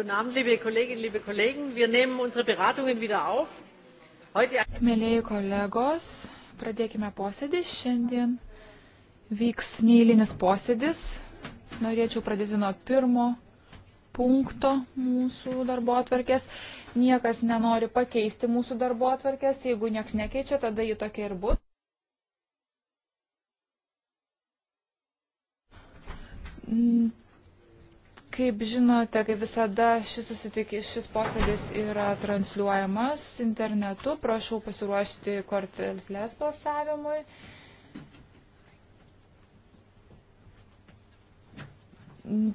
Guten Abend, liebe Kolleginnen, liebe Kollegen. Wir nehmen unsere Beratungen wieder auf. Heute... Mėlėjai kolegos, pradėkime posėdį. Šiandien vyks neįlinis posėdis. Norėčiau pradėti nuo pirmo punkto mūsų darbo atvarkės. Niekas nenori pakeisti mūsų darbo atvarkės. Jeigu nieks nekeičia, tada ji tokia ir bus. Kaip žinote, kaip visada šis, susitik, šis posėdis yra transliuojamas internetu. Prašau pasiruošti kortelės balsavimui.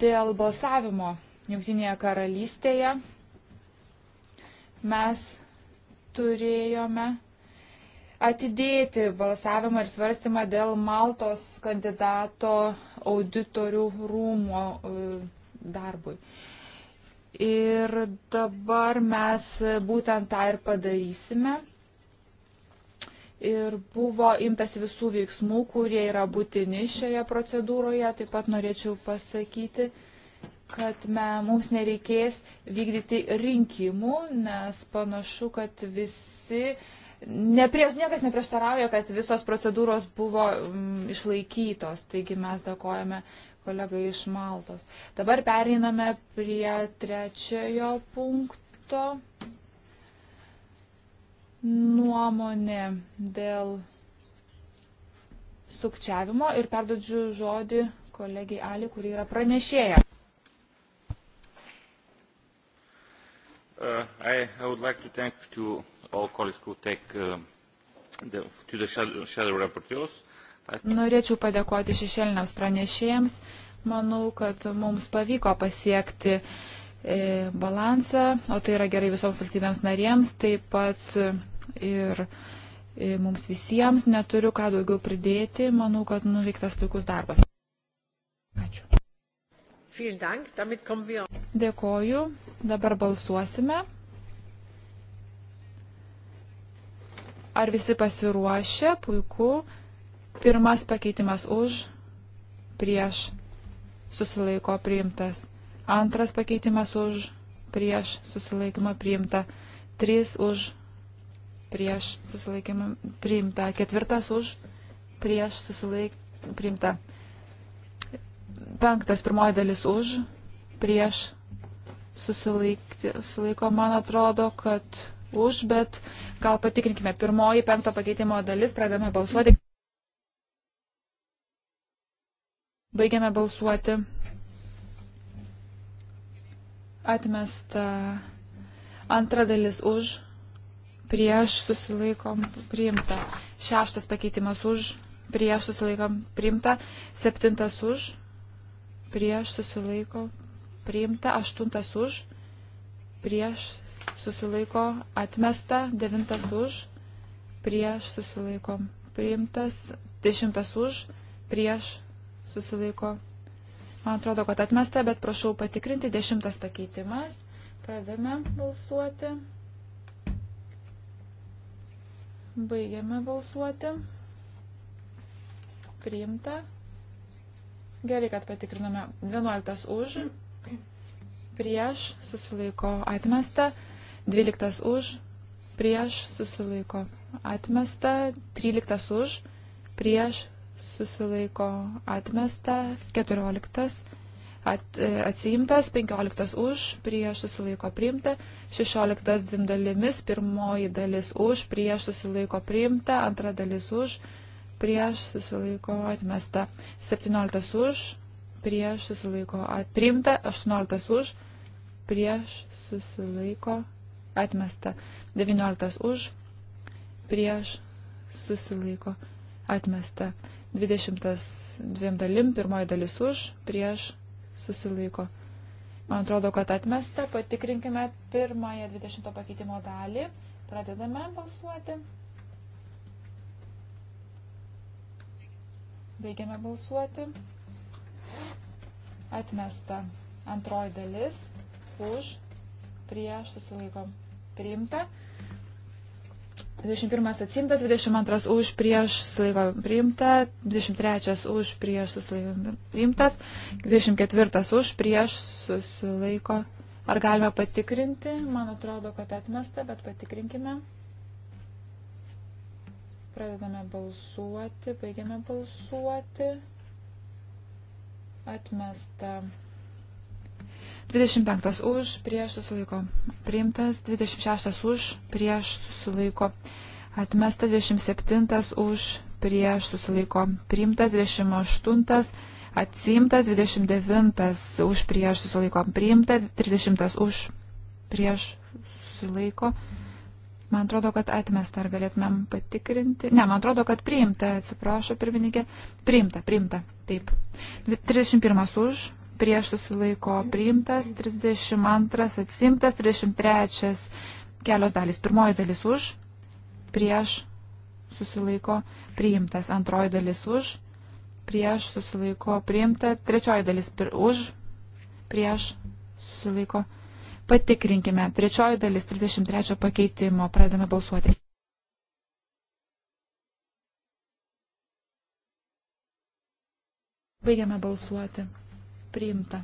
Dėl balsavimo Junktinėje karalystėje mes turėjome atidėti balsavimą ir svarstymą dėl Maltos kandidato auditorių rūmo darbui. Ir dabar mes būtent tą ir padarysime. Ir buvo imtas visų veiksmų, kurie yra būtini šioje procedūroje. Taip pat norėčiau pasakyti, kad me, mums nereikės vykdyti rinkimų, nes panašu, kad visi, neprieš, niekas neprieštarauja, kad visos procedūros buvo mm, išlaikytos. Taigi mes dėkojame kolega iš Maltos. Dabar pereiname prie trečiojo punkto. Nuomonė dėl sukčiavimo ir perdodžiu žodį kolegiai Ali, kuri yra pranešėja. Uh, I, I would like to thank to all colleagues who take uh, the, to the shadow, shadow rapporteurs uh, Norėčiau padėkoti šešėliniams pranešėjams. Manau, kad mums pavyko pasiekti e, balansą, o tai yra gerai visoms valstybėms narėms, taip pat ir e, mums visiems neturiu ką daugiau pridėti. Manau, kad nuveiktas puikus darbas. Ačiū. Dėkoju. Dabar balsuosime. Ar visi pasiruošę? Puiku. Pirmas pakeitimas už, prieš, susilaiko priimtas. Antras pakeitimas už, prieš, susilaikymą priimta. Trys už, prieš, susilaikymą priimta. Ketvirtas už, prieš, susilaikymą priimta. Penktas, pirmoji dalis už, prieš, susilaikti, susilaiko, man atrodo, kad už, bet gal patikrinkime pirmoji penkto pakeitimo dalis, pradame balsuoti. Baigiame balsuoti. Atmesta antra dalis už, prieš susilaikom priimta. Šeštas pakeitimas už, prieš susilaikom priimta. Septintas už, prieš susilaiko priimta. Aštuntas už, prieš susilaiko atmesta. Devintas už, prieš susilaikom priimtas. Dešimtas už, prieš susilaiko. Man atrodo, kad atmesta, bet prašau patikrinti. Dešimtas pakeitimas. Pradame balsuoti. Baigiame balsuoti. Priimta. Gerai, kad patikrinome. 11 už. Prieš susilaiko atmesta. 12 už. Prieš susilaiko atmesta. 13 už. Prieš susilaiko atmesta, 14 at, e, atsiimtas, 15 už, prieš susilaiko priimta, 16 dvim dalimis, pirmoji dalis už, prieš susilaiko priimta, antra dalis už, prieš susilaiko atmesta, 17 už, prieš susilaiko atprimta, 18 už, prieš susilaiko atmesta, 19 už, prieš susilaiko atmesta. 20 dviem dalim, pirmoji dalis už, prieš, susilaiko. Man atrodo, kad atmesta. Patikrinkime pirmąją 20 pakeitimo dalį. Pradedame balsuoti. Baigiame balsuoti. Atmesta. Antroji dalis. Už, prieš, susilaiko. Priimta. 21 atsimtas, 22 už prieš sulaiko priimta, 23 už prieš susilaiko priimtas, 24 už prieš susilaiko. Ar galime patikrinti? Man atrodo, kad atmesta, bet patikrinkime. Pradedame balsuoti, baigiame balsuoti. Atmesta. 25 už, prieš susilaiko priimtas, 26 už, prieš susilaiko atmesta, 27 už, prieš susilaiko priimtas, 28 atsimtas, 29 už, prieš susilaiko priimta, 30 už, prieš susilaiko. Man atrodo, kad atmesta, ar galėtumėm patikrinti. Ne, man atrodo, kad priimta, atsiprašau, pirmininkė. Priimta, priimta, taip. 31 už, prieš susilaiko priimtas, 32 atsimtas, 33 kelios dalys. Pirmoji dalis už, prieš susilaiko priimtas, antroji dalis už, prieš susilaiko priimta, trečioji dalis pir, už, prieš susilaiko. Patikrinkime, trečioji dalis 33 pakeitimo, pradame balsuoti. Baigiame balsuoti priimta.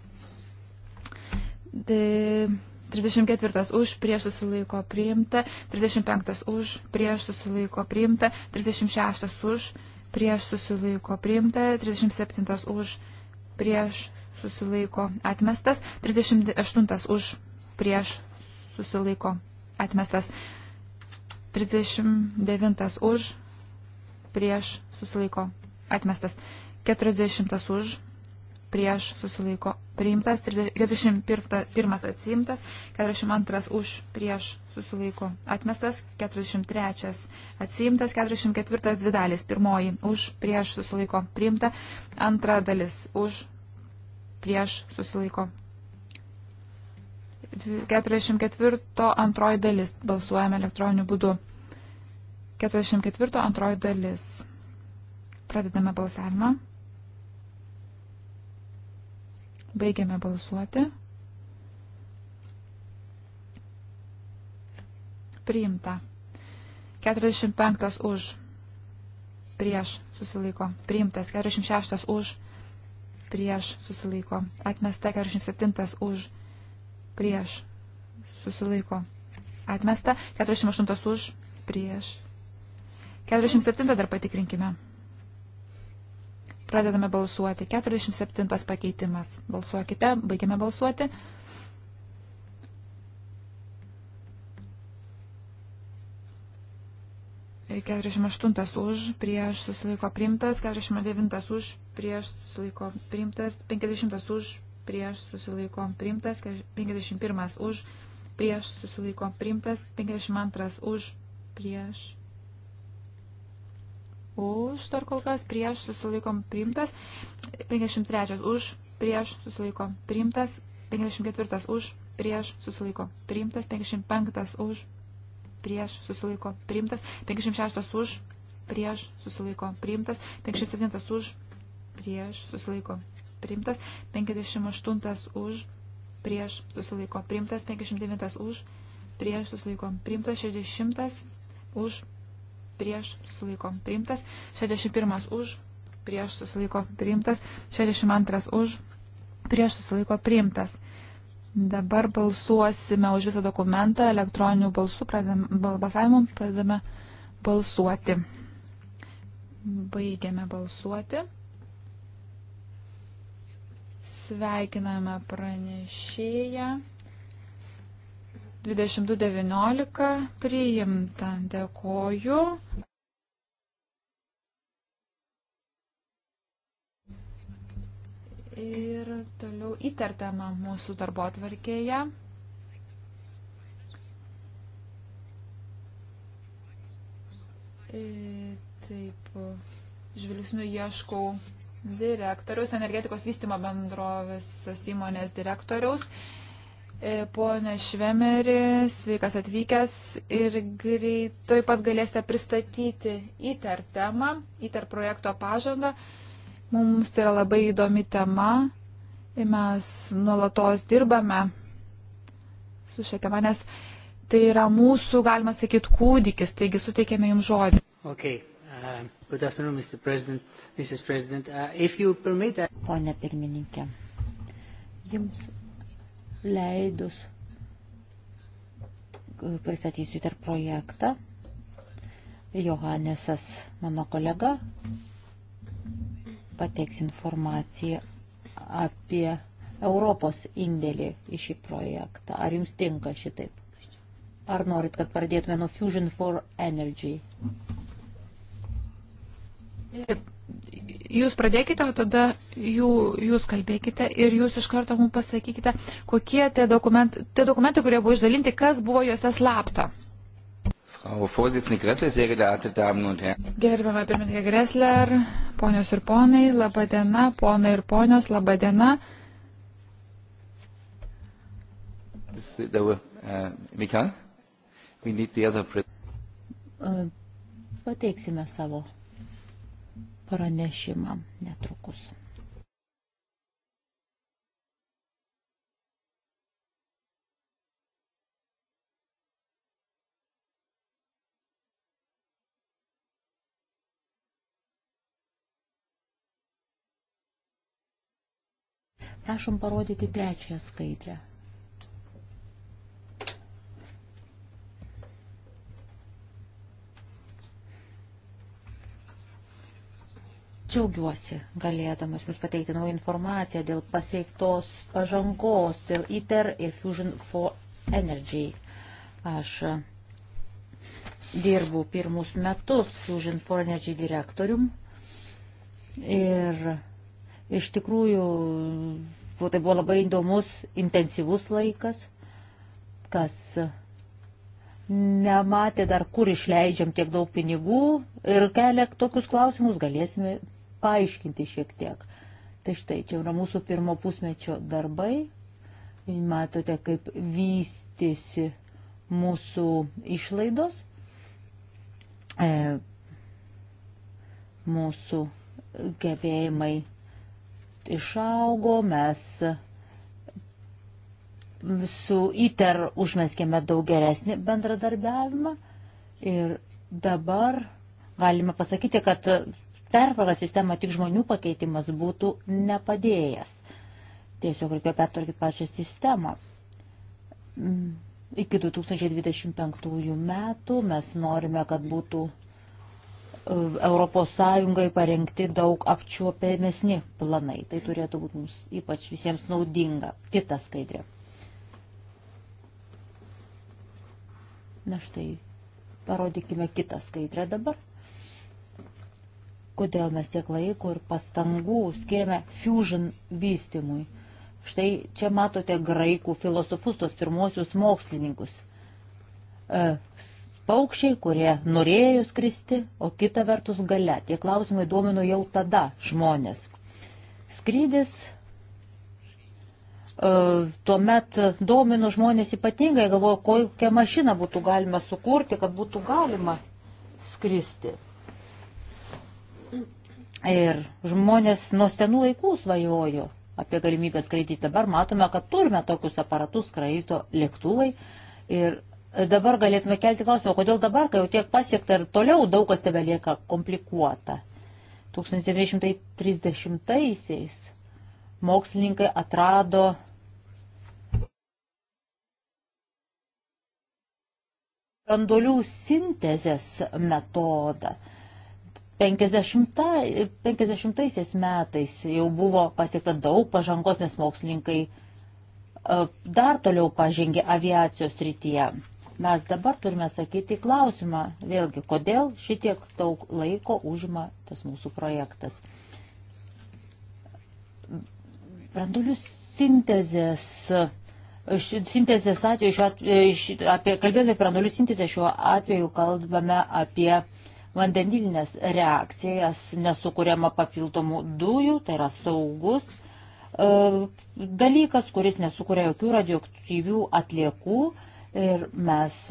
De... 34 už, prieš susilaiko priimta, 35 už, prieš susilaiko priimta, 36 už, prieš susilaiko priimta, 37 už, prieš susilaiko atmestas, 38 už, prieš susilaiko atmestas, 39 už, prieš susilaiko atmestas, 40 už, prieš susilaiko priimtas, 41 atsiimtas, 42 už prieš susilaiko atmestas, 43 atsiimtas, 44 dvi dalis, pirmoji už prieš susilaiko priimta, antra dalis už prieš susilaiko. 44 antroji dalis balsuojame elektroniniu būdu. 44 antroji dalis. Pradedame balsavimą. Baigiame balsuoti. Priimta. 45 už. Prieš susilaiko. Priimtas. 46 už. Prieš susilaiko. Atmesta. 47 už. Prieš susilaiko. Atmesta. 48 už. Prieš. 47 dar patikrinkime. Pradedame balsuoti. 47 pakeitimas. Balsuokite, baigiame balsuoti. Ir 48 už, prieš susilaiko primtas, 49 už, prieš susilaiko primtas, 50 už, prieš susilaiko primtas, 51 už, prieš susilaiko primtas, 52 už, prieš už dar kol kas, prieš susilaikom priimtas, 53 už, prieš susilaiko priimtas, 54 už, prieš susilaiko priimtas, 55 už, prieš susilaiko priimtas, 56 už, prieš susilaiko priimtas, 57 už, prieš susilaiko priimtas, 58 už, prieš susilaiko priimtas, 59 už, prieš susilaiko priimtas, 60 už, prieš susilaiko priimtas, 61 už, prieš susilaiko priimtas, 62 už, prieš susilaiko priimtas. Dabar balsuosime už visą dokumentą elektroniniu balsu, pradėm, balsavimu pradedame balsuoti. Baigiame balsuoti. Sveikiname pranešėją. 22.19 priimta. Dėkoju. Ir toliau įtartama mūsų darbo atvarkėje. E, taip, žvilgsniu ieškau direktoriaus, energetikos vystimo bendrovės įmonės direktoriaus E, Pone Švemeri, sveikas atvykęs ir greitai pat galėsite pristatyti ITER temą, ITER projekto pažangą. Mums tai yra labai įdomi tema ir mes nuolatos dirbame su šia tema, nes tai yra mūsų, galima sakyti, kūdikis, taigi suteikėme jums žodį. Okay. Uh, good afternoon, Mr. President, Mrs. President. Uh, if you permit... I... Pone pirmininkė, jums leidus pristatysiu dar projektą. Johanesas, mano kolega, pateiks informaciją apie Europos indėlį į šį projektą. Ar jums tinka šitaip? Ar norit, kad pradėtume nuo Fusion for Energy? Taip jūs pradėkite, o tada jų, jūs kalbėkite ir jūs iš karto mums pasakykite, kokie tie dokumentai, tie dokumentai, kurie buvo išdalinti, kas buvo juose slapta. Gerbiama pirmininkė Gresler, ponios ir ponai, laba diena, ponai ir ponios, laba diena. Uh, uh, pateiksime savo pranešimą netrukus. Prašom parodyti trečiąją skaidrę. Džiaugiuosi galėdamas Jums pateikti naują informaciją dėl pasiektos pažangos, dėl ITER ir Fusion for Energy. Aš dirbu pirmus metus Fusion for Energy direktorium ir iš tikrųjų tai buvo labai įdomus, intensyvus laikas, kas nematė dar, kur išleidžiam tiek daug pinigų ir kelia tokius klausimus, galėsime paaiškinti šiek tiek. Tai štai, čia yra mūsų pirmo pusmečio darbai. Matote, kaip vystėsi mūsų išlaidos, e, mūsų gebėjimai išaugo, mes su ITER užmeskėme daug geresnį bendradarbiavimą ir dabar galime pasakyti, kad pertvarkant sistemą tik žmonių pakeitimas būtų nepadėjęs. Tiesiog reikėjo pertvarkyti pačią sistemą. Mm, Iki 2025 metų mes norime, kad būtų ES parengti daug apčiuopėmesni planai. Tai turėtų būti mums ypač visiems naudinga. Kita skaidrė. Na štai, parodykime kitą skaidrę dabar kodėl mes tiek laiko ir pastangų skiriame fusion vystimui. Štai čia matote graikų filosofus, tos pirmosius mokslininkus. E, paukščiai, kurie norėjo skristi, o kita vertus gale. Tie klausimai domino jau tada žmonės. Skrydis e, tuomet domino žmonės ypatingai, galvojo, kokią mašiną būtų galima sukurti, kad būtų galima skristi. Ir žmonės nuo senų laikų svajojo apie galimybę skraidyti. Dabar matome, kad turime tokius aparatus skraido lėktuvai. Ir dabar galėtume kelti klausimą, kodėl dabar, kai jau tiek pasiekta ir toliau daug kas tebe lieka komplikuota. 1930-aisiais mokslininkai atrado brandolių sintezės metodą. 50, 50 metais jau buvo pasiekta daug pažangos, nes mokslininkai e, dar toliau pažengė aviacijos rytyje. Mes dabar turime sakyti klausimą, vėlgi, kodėl šitiek daug laiko užima tas mūsų projektas. Brandulių sintezės sintezės atveju, šiuo atveju, apie, kalbėdami apie branduolių sintezę, šiuo atveju kalbame apie vandenilinės reakcijas, nesukuriama papildomų dujų, tai yra saugus e, dalykas, kuris nesukuria jokių radioaktyvių atliekų ir mes,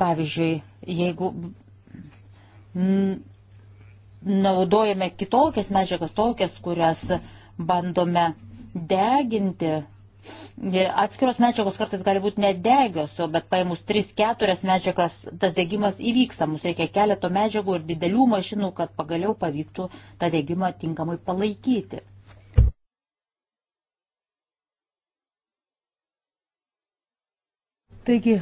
pavyzdžiui, jeigu naudojame kitokias medžiagas, tokias, kurias bandome deginti, Atskiros medžiagos kartais gali būti nedegios, bet paėmus 3-4 medžiagas tas degimas įvyksta. Mums reikia keleto medžiagų ir didelių mašinų, kad pagaliau pavyktų tą degimą tinkamai palaikyti. Taigi,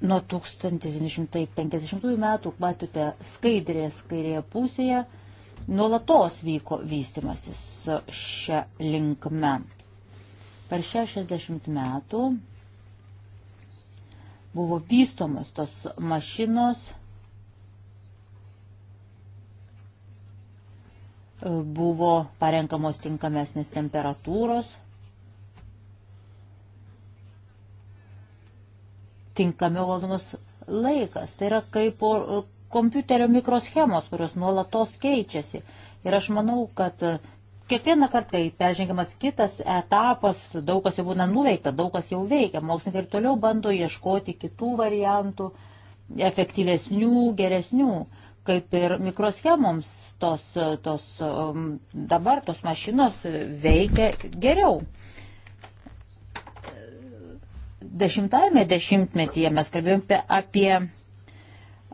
nuo 1950 metų matote skaidrės kairėje pusėje Nuolatos vyko vystimasis šią linkme. Per 60 metų buvo vystomos tos mašinos, buvo parenkamos tinkamesnės temperatūros, tinkamiau valdomas laikas. Tai yra kaip kompiuterio mikroschemos, kurios nuolatos keičiasi. Ir aš manau, kad kiekvieną kartą, kai peržengiamas kitas etapas, daug kas jau būna nuveikta, daug kas jau veikia. Mokslininkai ir toliau bando ieškoti kitų variantų, efektyvesnių, geresnių, kaip ir mikroschemoms tos, tos um, dabar tos mašinos veikia geriau. Dešimtajame dešimtmetyje mes kalbėjome apie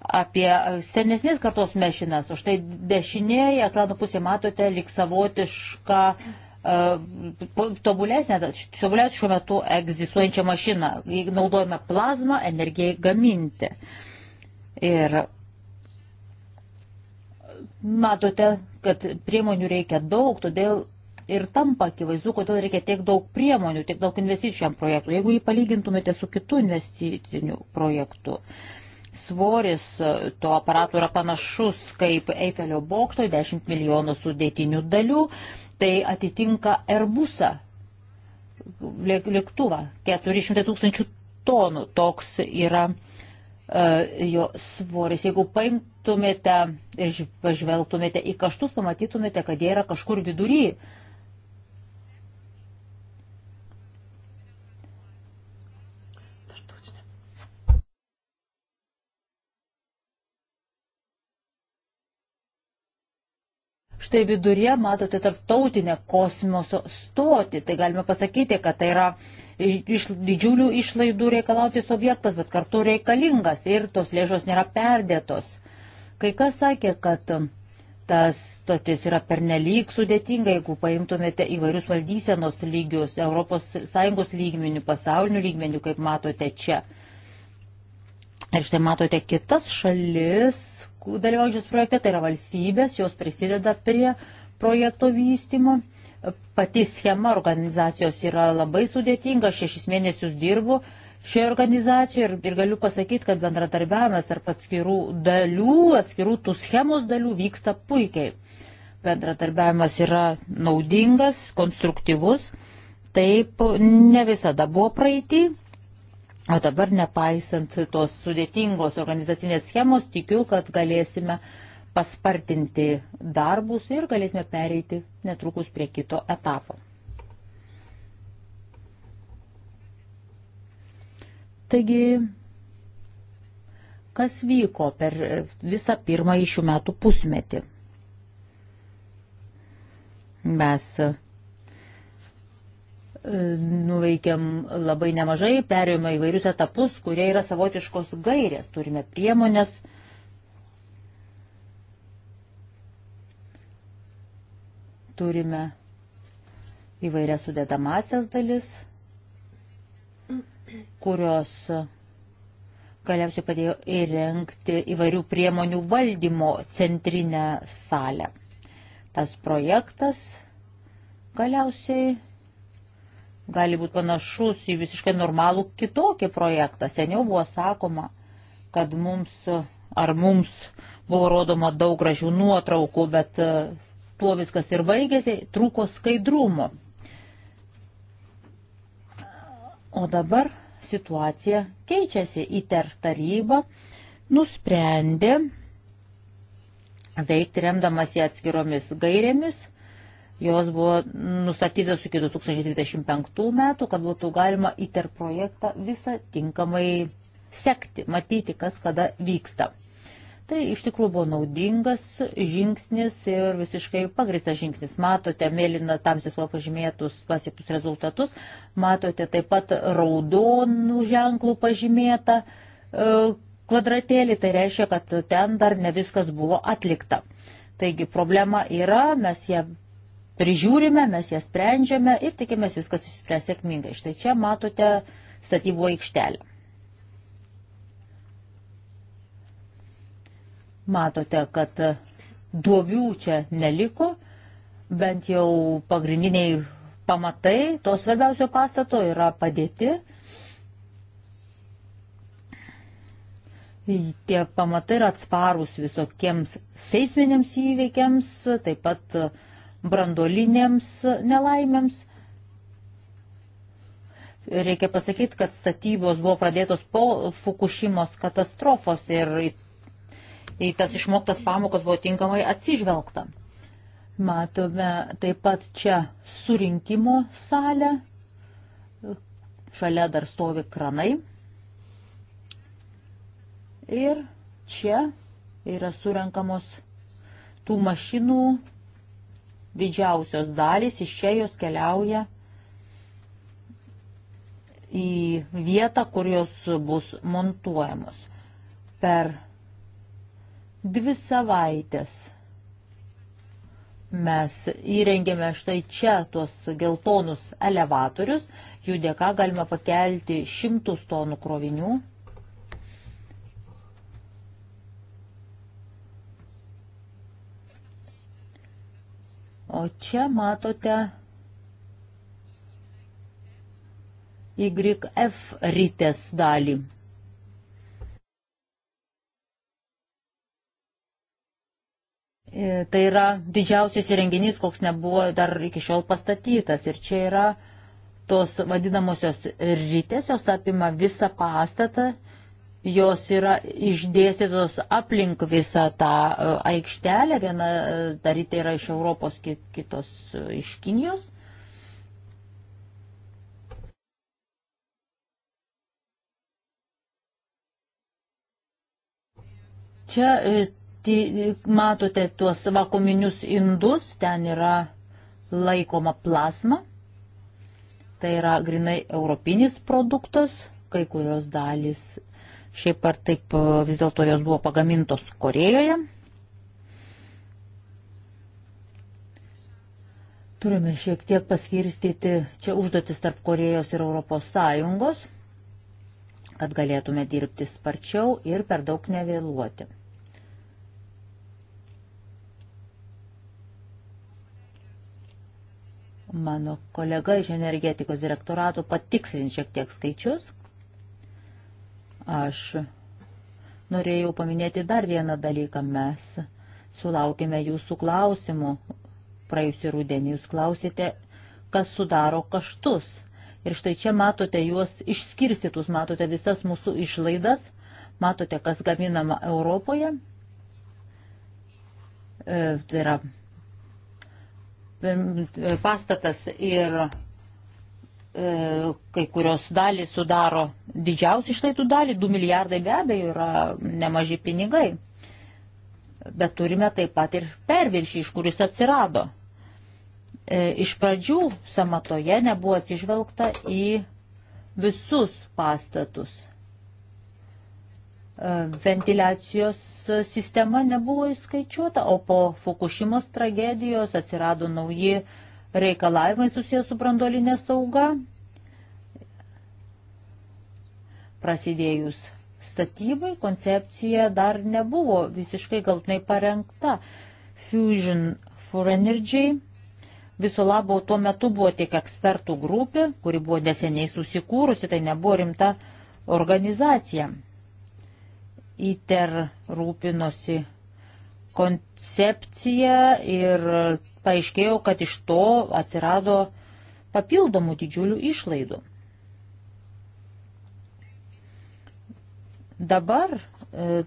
apie senesnės kartos mešinas. O štai dešinėje ekrano pusėje matote lik savotišką uh, tobulesnę, tobulesnę šiuo metu egzistuojančią mašiną. Naudojame plazmą energijai gaminti. Ir matote, kad priemonių reikia daug, todėl ir tampa akivaizdu, kodėl reikia tiek daug priemonių, tiek daug investicijų šiam projektui, jeigu jį palygintumėte su kitu investiciniu projektu. Uh, Svoris e, to aparato yra panašus kaip Eifelio bokšto, 10 milijonų sudėtinių dalių, tai atitinka Airbusą lėktuvą, 400 tūkstančių tonų toks yra e, jo svoris. Jeigu paimtumėte ir pažvelgtumėte į kaštus, pamatytumėte, kad jie yra kažkur viduryje Štai viduryje matote tarptautinę kosmoso stotį. Tai galime pasakyti, kad tai yra iš, didžiulių išlaidų reikalautis objektas, bet kartu reikalingas ir tos lėšos nėra perdėtos. Kai kas sakė, kad tas stotis yra pernelyg sudėtinga, jeigu paimtumėte įvairius valdysenos lygius, ES lygmenių, pasaulinių lygmenių, kaip matote čia. Ir štai matote kitas šalis, dalyvaujančios projekte, tai yra valstybės, jos prisideda prie projekto vystimo. Pati schema organizacijos yra labai sudėtinga, šešis mėnesius dirbu šioje organizacijoje ir, ir galiu pasakyti, kad bendradarbiavimas tarp atskirų dalių, atskirų tų schemos dalių vyksta puikiai. Bendradarbiavimas yra naudingas, konstruktyvus. Taip ne visada buvo praeitį, O dabar, nepaisant tos sudėtingos organizacinės schemos, tikiu, kad galėsime paspartinti darbus ir galėsime pereiti netrukus prie kito etapo. Taigi, kas vyko per visą pirmąjį šių metų pusmetį? Mes nuveikėm labai nemažai, perėjome įvairius etapus, kurie yra savotiškos gairės. Turime priemonės. Turime įvairias sudėdamasias dalis, kurios galiausiai padėjo įrengti įvairių priemonių valdymo centrinę salę. Tas projektas galiausiai gali būti panašus į visiškai normalų kitokį projektą. Seniau buvo sakoma, kad mums ar mums buvo rodoma daug gražių nuotraukų, bet e, tuo viskas ir baigėsi, trūko skaidrumo. O dabar situacija keičiasi. ITER taryba nusprendė veikti remdamas į atskiromis gairėmis Jos buvo nustatytos iki 2025 metų, kad būtų galima ITER projektą visą tinkamai sekti, matyti, kas kada vyksta. Tai iš tikrųjų buvo naudingas žingsnis ir visiškai pagristas žingsnis. Matote mėlyną tamsis va pažymėtus pasiektus rezultatus, matote taip pat raudonų ženklų pažymėtą e, kvadratėlį, tai reiškia, kad ten dar ne viskas buvo atlikta. Taigi problema yra, mes ją prižiūrime, mes jas sprendžiame ir tikimės viskas išspręs sėkmingai. Štai čia matote statybų aikštelę. Matote, kad duobių čia neliko, bent jau pagrindiniai pamatai to svarbiausio pastato yra padėti. Tie pamatai yra atsparūs visokiems seisminiams įveikiams, taip pat uh, brandolinėms nelaimėms. Reikia pasakyti, kad statybos buvo pradėtos po Fukushimos katastrofos ir į, į tas išmoktas pamokas buvo tinkamai atsižvelgta. Matome taip pat čia surinkimo salę, šalia dar stovi kranai. Ir čia yra surenkamos tų mašinų didžiausios dalys, iš čia jos keliauja į vietą, kur jos bus montuojamos. Per dvi savaitės mes įrengėme štai čia tuos geltonus elevatorius, jų dėka galima pakelti šimtus tonų krovinių O čia matote YF rytės dalį. E, tai yra didžiausias įrenginys, koks nebuvo dar iki šiol pastatytas. Ir čia yra tos vadinamosios rytės, jos apima visą pastatą jos yra išdėstytos aplink visą tą e, aikštelę, viena e, daryta yra iš Europos, kitos e, iš Kinijos. Čia matote tuos vakuminius indus, ten yra laikoma plazma. Tai yra grinai europinis produktas, kai kurios dalys Šiaip ar taip e, vis dėlto jos buvo pagamintos Korejoje. Turime šiek tiek paskirstyti čia užduotis tarp Korejos ir Europos Sąjungos, kad galėtume dirbti sparčiau ir per daug nevėluoti. Mano kolega iš energetikos direktorato patikslin šiek tiek skaičius – Aš norėjau paminėti dar vieną dalyką. Mes sulaukime jūsų klausimų. Praėjusį rudenį jūs klausėte, kas sudaro kaštus. Ir štai čia matote juos išskirstytus, matote visas mūsų išlaidas, matote, kas gaminama Europoje. E, tai yra e, pastatas ir E, kai kurios dalys sudaro didžiausią išlaidų dalį, 2 milijardai be abejo yra nemaži pinigai, bet turime taip pat ir perviršį, iš kuris atsirado. E, iš pradžių samatoje nebuvo atsižvelgta į visus pastatus. E, ventiliacijos sistema nebuvo įskaičiuota, o po Fukushimos tragedijos atsirado nauji uh, reikalavimai susijęs su brandolinė sauga. Prasidėjus statybai koncepcija dar nebuvo visiškai galtinai parengta. Fusion for Energy viso labo tuo metu buvo tik ekspertų grupė, kuri buvo neseniai susikūrusi, tai nebuvo rimta organizacija. ITER rūpinosi koncepcija ir paaiškėjo, kad iš to atsirado papildomų didžiulių išlaidų. Dabar e,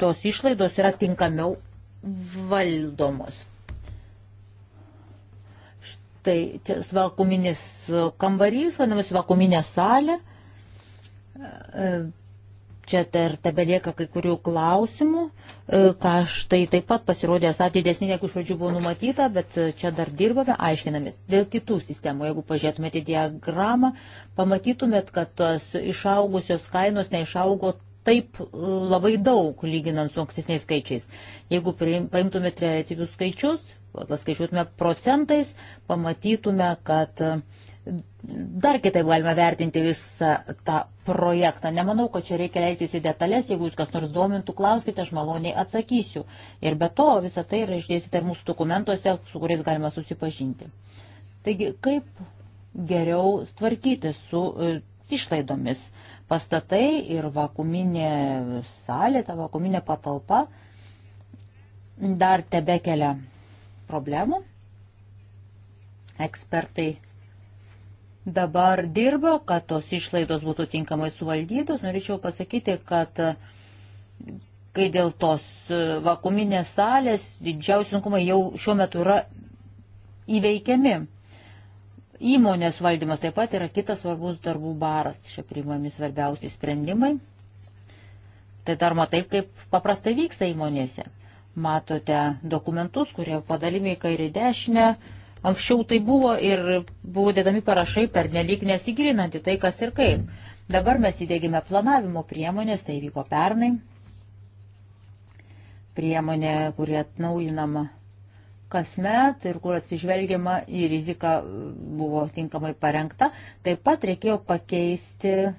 tos išlaidos yra tinkamiau valdomos. Štai vakuuminis kambarys, vadinamas vakuuminė salė. E, e, Čia dar tebelieka kai kurių klausimų, e, kažtai taip pat pasirodė esą didesnė, negu iš pradžių buvo numatyta, bet e, čia dar dirbame, aiškinamės. Dėl kitų sistemų, jeigu pažiūrėtumėte diagramą, pamatytumėt, kad tos išaugusios kainos neišaugo taip e, labai daug lyginant su ankstesniais skaičiais. Jeigu paimtumėt relatyvius skaičius, paskaičiuotume procentais, pamatytume, kad uh, dar kitaip galima vertinti visą tą projektą. Nemanau, kad čia reikia leistis į detalės, jeigu jūs kas nors domintų, klauskite, aš maloniai atsakysiu. Ir be to visą tai yra išdėsite ir mūsų dokumentuose, su kuriais galima susipažinti. Taigi, kaip geriau tvarkyti su e, išlaidomis? Pastatai ir vakuminė salė, ta vakuminė patalpa dar tebekelia problemų. Ekspertai dabar dirba, kad tos išlaidos būtų tinkamai suvaldytos. Norėčiau pasakyti, kad e, kai dėl tos e, vakuminės salės didžiausi sunkumai jau šiuo metu yra įveikiami. Įmonės valdymas taip pat yra kitas svarbus darbų baras. Čia priimami svarbiausi sprendimai. Tai daroma taip, kaip paprastai vyksta įmonėse. Matote dokumentus, kurie padalimi į kairį dešinę Anksčiau tai buvo ir buvo dėdami parašai per nelik nesigilinanti tai, kas ir kaip. Dabar mes įdėgime planavimo priemonės, tai vyko pernai. Priemonė, kuri atnaujinama kasmet ir kur atsižvelgiama į riziką buvo tinkamai parengta. Taip pat reikėjo pakeisti e,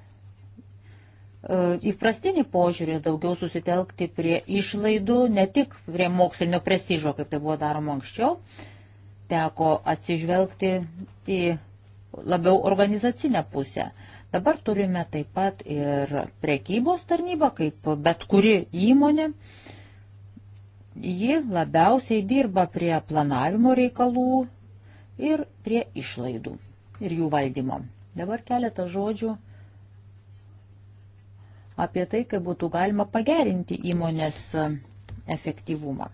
įprastinį požiūrį, daugiau susitelkti prie išlaidų, ne tik prie mokslinio prestižo, kaip tai buvo daroma anksčiau. E, teko atsižvelgti į labiau organizacinę pusę. Dabar turime taip pat ir prekybos tarnybą, kaip bet kuri įmonė. Ji labiausiai dirba prie planavimo reikalų ir prie išlaidų ir jų valdymo. Dabar keletą žodžių apie tai, kaip būtų galima pagerinti įmonės efektyvumą.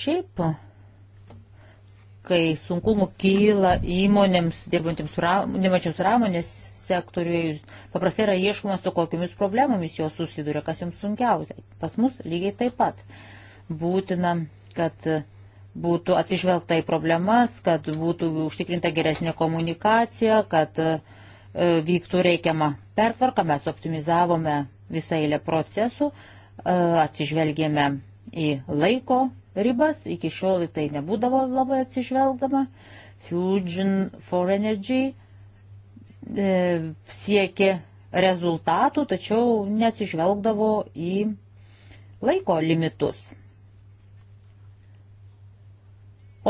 Šiaip, kai sunkumų kyla įmonėms, dirbantiems su ramonės sektoriuje, paprastai yra ieškoma su kokiamis problemomis jos susiduria, kas jums sunkiausia. Pas mus lygiai taip pat būtina, kad būtų atsižvelgta į problemas, kad būtų užtikrinta geresnė komunikacija, kad e, vyktų reikiama pertvarka, mes optimizavome visą eilę procesų, e, atsižvelgėme į laiko ribas, iki šiol tai nebūdavo labai atsižvelgdama. Fusion for Energy e, siekė rezultatų, tačiau neatsižvelgdavo į laiko limitus.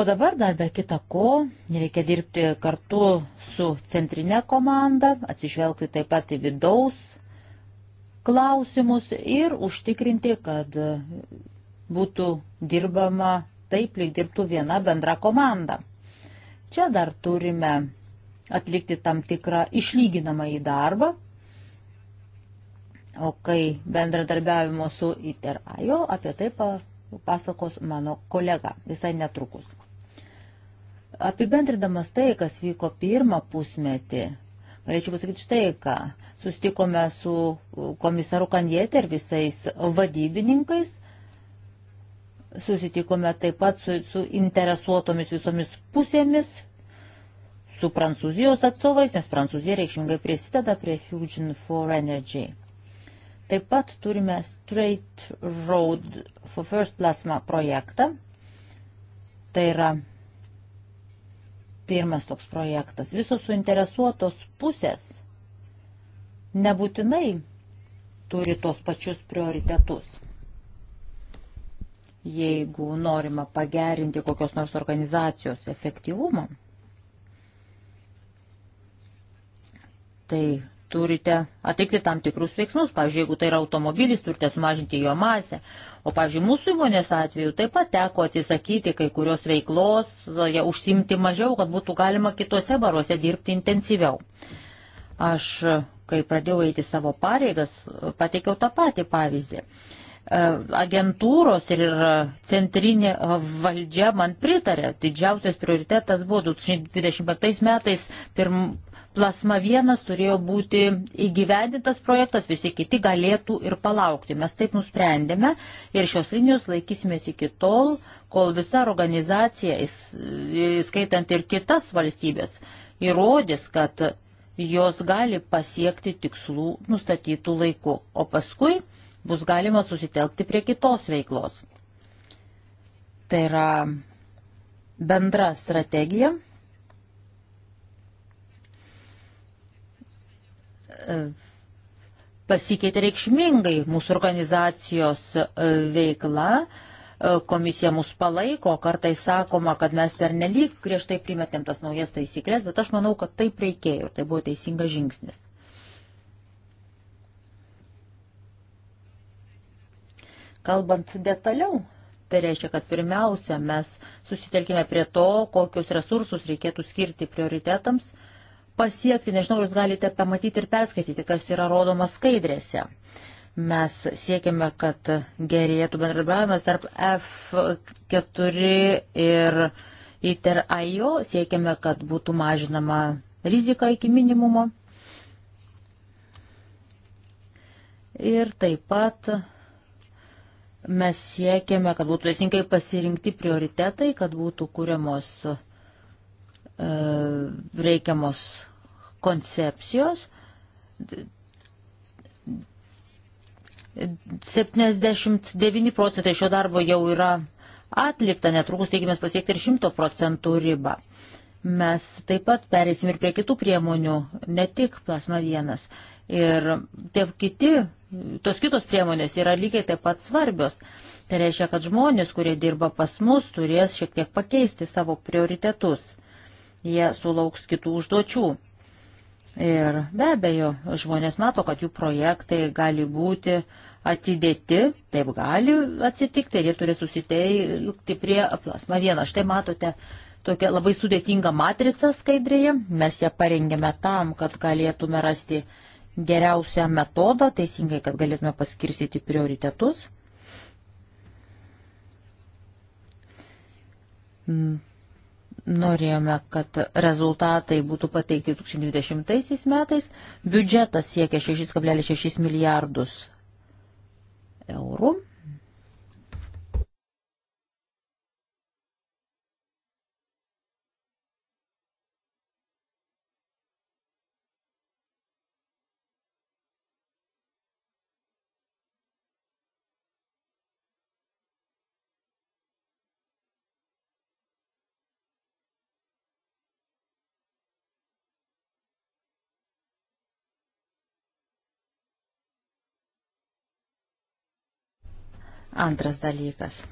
O dabar dar be kita ko, reikia dirbti kartu su centrinė komanda, atsižvelgti taip pat į vidaus klausimus ir užtikrinti, kad būtų dirbama taip, lyg dirbtų viena bendra komanda. Čia dar turime atlikti tam tikrą išlyginamą į darbą, o kai bendradarbiavimo su ITERAJO apie tai pasakos mano kolega visai netrukus. Apibendrindamas tai, kas vyko pirmą pusmetį, galėčiau pasakyti štai ką. Sustikome su komisaru Kandietė ir visais vadybininkais Susitikome taip pat su, su interesuotomis visomis pusėmis, su Prancūzijos atstovais, nes Prancūzija reikšmingai prisideda prie Fusion for Energy. Taip pat turime Straight Road for First Plasma projektą. Tai yra pirmas toks projektas. Visos suinteresuotos pusės nebūtinai turi tos pačius prioritetus jeigu norima pagerinti kokios nors organizacijos efektyvumą, tai turite atlikti tam tikrus veiksmus. Pavyzdžiui, jeigu tai yra automobilis, turite sumažinti jo masę. O, pavyzdžiui, mūsų įmonės atveju taip pat teko atsisakyti kai kurios veiklos, ją užsimti mažiau, kad būtų galima kitose baruose dirbti intensyviau. Aš, kai pradėjau eiti savo pareigas, pateikiau tą patį pavyzdį. Uh, E, agentūros ir e, centrinė valdžia man pritarė. Didžiausias prioritetas buvo 2025 metais pirm, plasma vienas turėjo būti įgyvendintas projektas, visi kiti galėtų ir palaukti. Mes taip nusprendėme ir šios linijos laikysimės iki tol, kol visa organizacija, įskaitant ir kitas valstybės, įrodys, kad jos gali pasiekti tikslų nustatytų laiku. O paskui bus galima susitelkti prie kitos veiklos. Tai yra bendra strategija. E, pasikeitė reikšmingai mūsų organizacijos e, veikla, e, komisija mus palaiko, kartais sakoma, kad mes per nelik griežtai primetėm tas naujas taisyklės, bet aš manau, kad taip reikėjo ir tai buvo teisingas žingsnis. Kalbant detaliau, tai reiškia, kad pirmiausia, mes susitelkime prie to, kokius resursus reikėtų skirti prioritetams, pasiekti, nežinau, jūs galite pamatyti ir perskaityti, kas yra rodoma skaidrėse. Mes siekime, kad gerėtų bendradarbiavimas tarp F4 ir ITER-IO, siekime, kad būtų mažinama rizika iki minimumo. Ir taip pat Mes siekiame, kad būtų teisingai pasirinkti prioritetai, kad būtų kūriamos e, reikiamos koncepcijos. 79 procentai šio darbo jau yra atlikta, netrukus teikimės pasiekti ir 100 procentų ribą. Mes taip pat perėsim ir prie kitų priemonių, ne tik plasma vienas. Ir tie kiti, tos kitos priemonės yra lygiai taip pat svarbios. Tai reiškia, kad žmonės, kurie dirba pas mus, turės šiek tiek pakeisti savo prioritetus. Jie sulauks kitų užduočių. Ir be abejo, žmonės mato, kad jų projektai gali būti atidėti, taip gali atsitikti ir jie turi susiteikti prie plasma vieną. Štai matote tokią labai sudėtingą matricą skaidrėje. Mes ją parengėme tam, kad galėtume rasti geriausią metodą, teisingai, kad galėtume paskirstyti prioritetus. Mm. Norėjome, kad rezultatai būtų pateikti 2020 metais. Biudžetas siekia 6,6 milijardus eurų. Antras dalykas.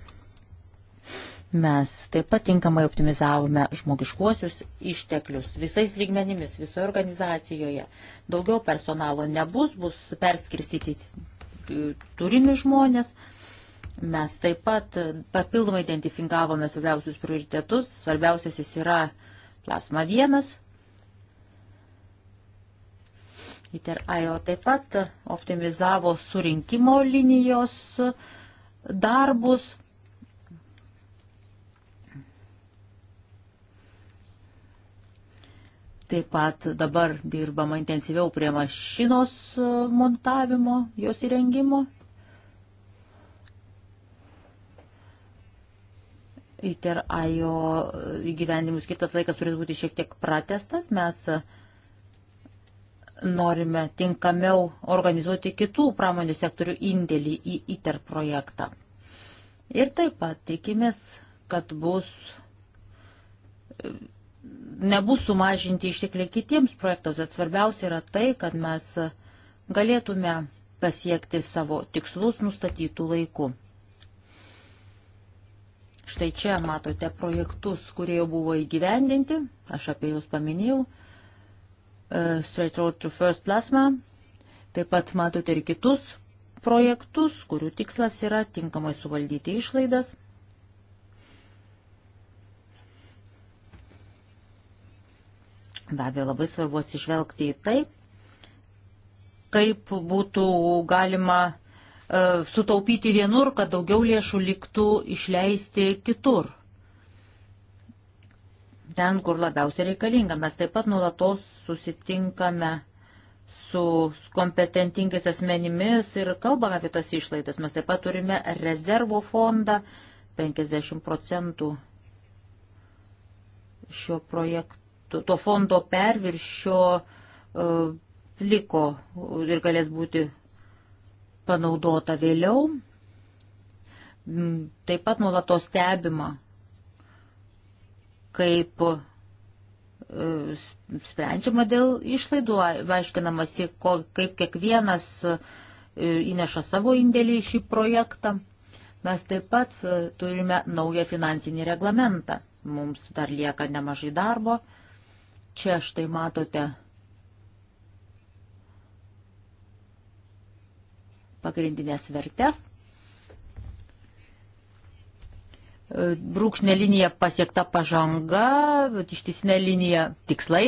Mes taip pat tinkamai optimizavome žmogiškuosius išteklius visais lygmenimis, visoje organizacijoje. Daugiau personalo nebus, bus perskirstyti turimi žmonės. Mes taip pat papildomai identifikavome svarbiausius prioritetus. Svarbiausias jis yra plasma vienas. ITER AIO taip pat optimizavo surinkimo linijos uh, darbus. Taip pat dabar dirbama intensyviau prie mašinos e, montavimo, jos įrengimo. ITER AIO e, įgyvendimus kitas laikas turės būti šiek tiek pratestas. Mes norime tinkamiau organizuoti kitų pramonės sektorių indėlį į ITER projektą. Ir taip pat tikimės, kad bus, nebus sumažinti ištekliai kitiems projektams, bet svarbiausia yra tai, kad mes galėtume pasiekti savo tikslus nustatytų laikų. Štai čia matote projektus, kurie jau buvo įgyvendinti, aš apie juos paminėjau. E, Straight Road to First Plasma. Taip pat matote ir kitus projektus, kurių tikslas yra tinkamai suvaldyti išlaidas. Be abejo, labai svarbu atsižvelgti į tai, kaip būtų galima e, sutaupyti vienur, kad daugiau lėšų liktų išleisti kitur ten, kur labiausiai reikalinga. Mes taip pat nuolatos susitinkame su kompetentingais asmenimis ir kalbame apie tas išlaidas. Mes taip pat turime rezervo fondą 50 procentų šio projekto, to fondo perviršio uh, liko ir galės būti panaudota vėliau. Mm, taip pat nuolatos stebima, kaip e, sprendžiama dėl išlaidų, aiškinamasi, kaip kiekvienas e, įneša savo indėlį į šį projektą. Mes taip pat e, turime naują finansinį reglamentą. Mums dar lieka nemažai darbo. Čia štai matote pagrindinės vertės. brūkšnė linija pasiekta pažanga, ištisinė linija tikslai.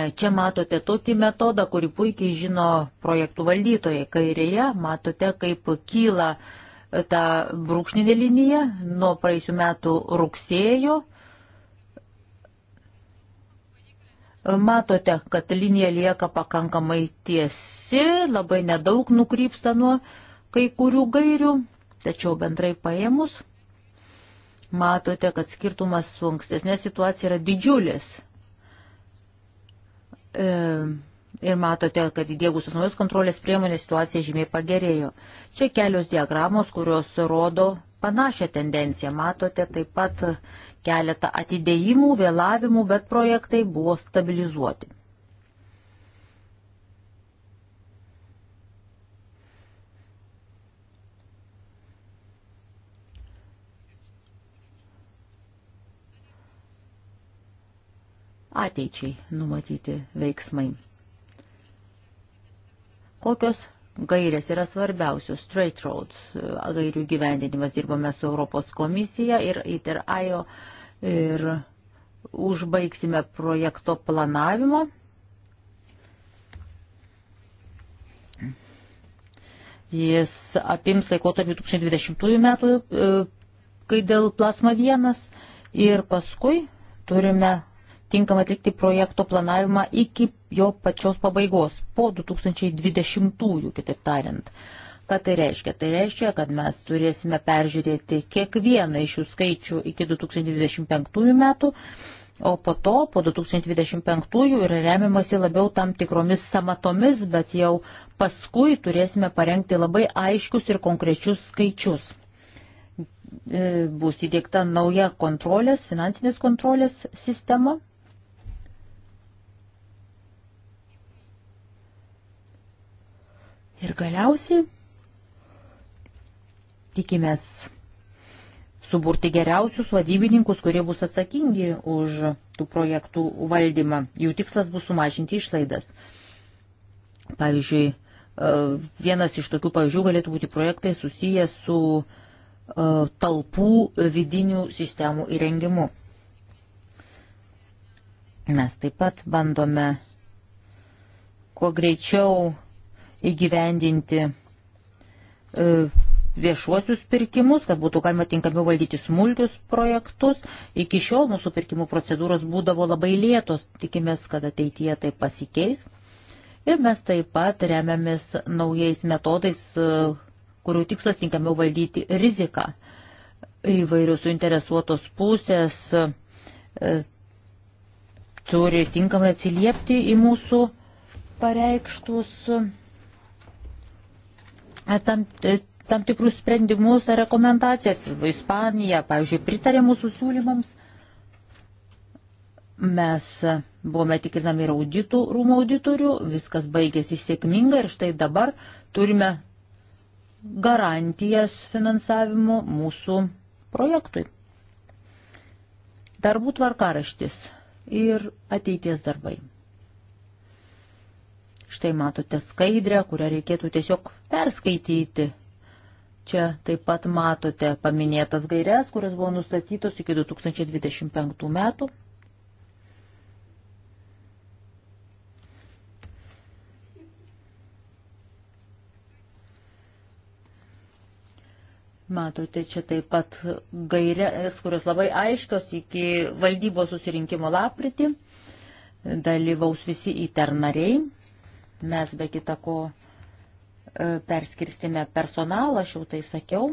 E, čia matote tokį metodą, kurį puikiai žino projektų valdytojai. Kairėje matote, kaip kyla ta brūkšninė linija nuo praeisių metų rugsėjo. Matote, kad linija lieka pakankamai tiesi, labai nedaug nukrypsta nuo kai kurių gairių, Tačiau bendrai paėmus, matote, kad skirtumas su ankstesnė situacija yra didžiulis. E, ir matote, kad įdėgusios naujos kontrolės priemonės situacija žymiai pagerėjo. Čia kelios diagramos, kurios rodo panašią tendenciją. Matote taip pat keletą atidėjimų, vėlavimų, bet projektai buvo stabilizuoti. ateičiai numatyti veiksmai. Kokios gairės yra svarbiausios straight roads gairių gyvendinimas. Dirbame su Europos komisija ir ITERAIO ir užbaigsime projekto planavimo. Jis apims laikotarpį 2020 metų, e, kai dėl plasma vienas ir paskui turime tinkamai atlikti projekto planavimą iki jo pačios pabaigos, po 2020-ųjų, kitaip tariant. Ką tai reiškia? Tai reiškia, kad mes turėsime peržiūrėti kiekvieną iš šių skaičių iki 2025 metų, o po to, po 2025 yra remiamasi labiau tam tikromis samatomis, bet jau paskui turėsime parengti labai aiškius ir konkrečius skaičius. E, bus įdėkta nauja kontrolės, finansinės kontrolės sistema. Ir galiausiai tikimės suburti geriausius vadybininkus, kurie bus atsakingi už tų projektų valdymą. Jų tikslas bus sumažinti išlaidas. Pavyzdžiui, e, vienas iš tokių pavyzdžių galėtų būti projektai susiję su e, talpų vidinių sistemų įrengimu. Mes taip pat bandome kuo greičiau įgyvendinti e, viešuosius pirkimus, kad būtų galima tinkamiau valdyti smulkius projektus. Iki šiol mūsų pirkimų procedūros būdavo labai lėtos, tikimės, kad ateityje tai pasikeis. Ir mes taip pat remiamės naujais metodais, e, kurių tikslas tinkamiau valdyti riziką. Įvairius suinteresuotos pusės e, turi tinkamai atsiliepti į mūsų pareikštus tam, e, tam tikrus sprendimus ar rekomendacijas. Ispanija, pavyzdžiui, pritarė mūsų siūlymams. Mes buvome tikrinami ir auditų, rūmų auditorių, viskas baigėsi sėkmingai ir štai dabar turime garantijas finansavimo mūsų projektui. Darbų tvarkaraštis ir ateities darbai. Štai matote skaidrę, kurią reikėtų tiesiog perskaityti. Čia taip pat matote paminėtas gairias, kurios buvo nustatytos iki 2025 metų. Matote, čia taip pat gairės, kurios labai aiškios iki valdybos susirinkimo lapritį. Dalyvaus visi įternariai. Mes be kita ko e, perskirstime personalą, aš jau tai sakiau.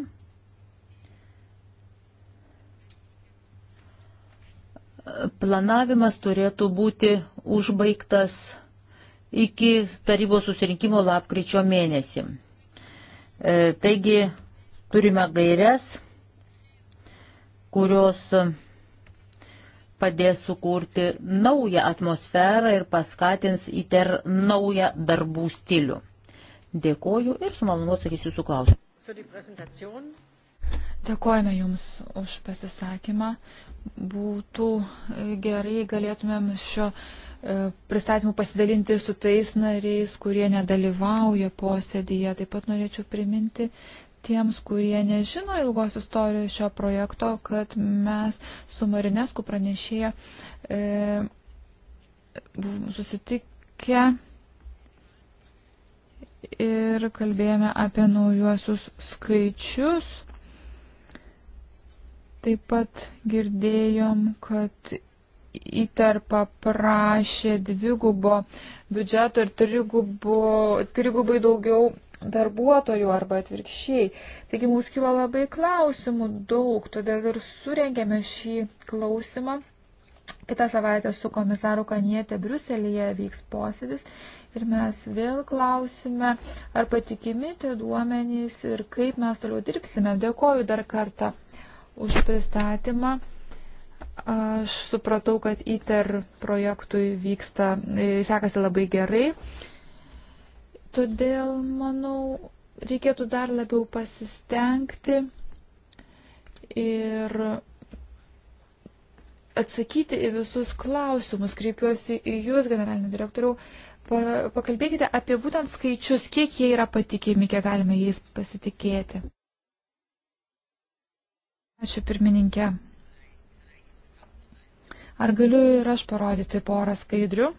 Planavimas turėtų būti užbaigtas iki tarybos susirinkimo lapkričio mėnesį. E, taigi turime gairias, kurios padės sukurti naują atmosferą ir paskatins įter naują darbų stilių. Dėkoju ir su malonu atsakysiu jūsų klausimą. Dėkojame Jums už pasisakymą. Būtų gerai, galėtumėm šio e, pristatymų pasidalinti su tais nariais, kurie nedalyvauja posėdėje. Taip pat norėčiau priminti, tiems, kurie nežino ilgos istorijos šio projekto, kad mes su Marinesku pranešėja e, susitikę ir kalbėjome apie naujuosius skaičius. Taip pat girdėjom, kad įtarpa prašė dvigubo biudžeto ir trigubo, trigubai daugiau darbuotojų arba atvirkščiai. Taigi mums kilo labai klausimų daug, todėl ir surengėme šį klausimą. Kitą savaitę su komisaru Kanietė Briuselėje vyks posėdis ir mes vėl klausime, ar patikimi tie duomenys ir kaip mes toliau dirbsime. Dėkoju dar kartą už pristatymą. Aš supratau, kad ITER projektui vyksta, sekasi labai gerai. Todėl, manau, reikėtų dar labiau pasistengti ir atsakyti į visus klausimus. Kreipiuosi į Jūs, generalinį direktoriau, pa, pakalbėkite apie būtent skaičius, kiek jie yra patikimi, kiek galime jais pasitikėti. Ačiū pirmininkė. Ar galiu ir aš parodyti porą skaidrių?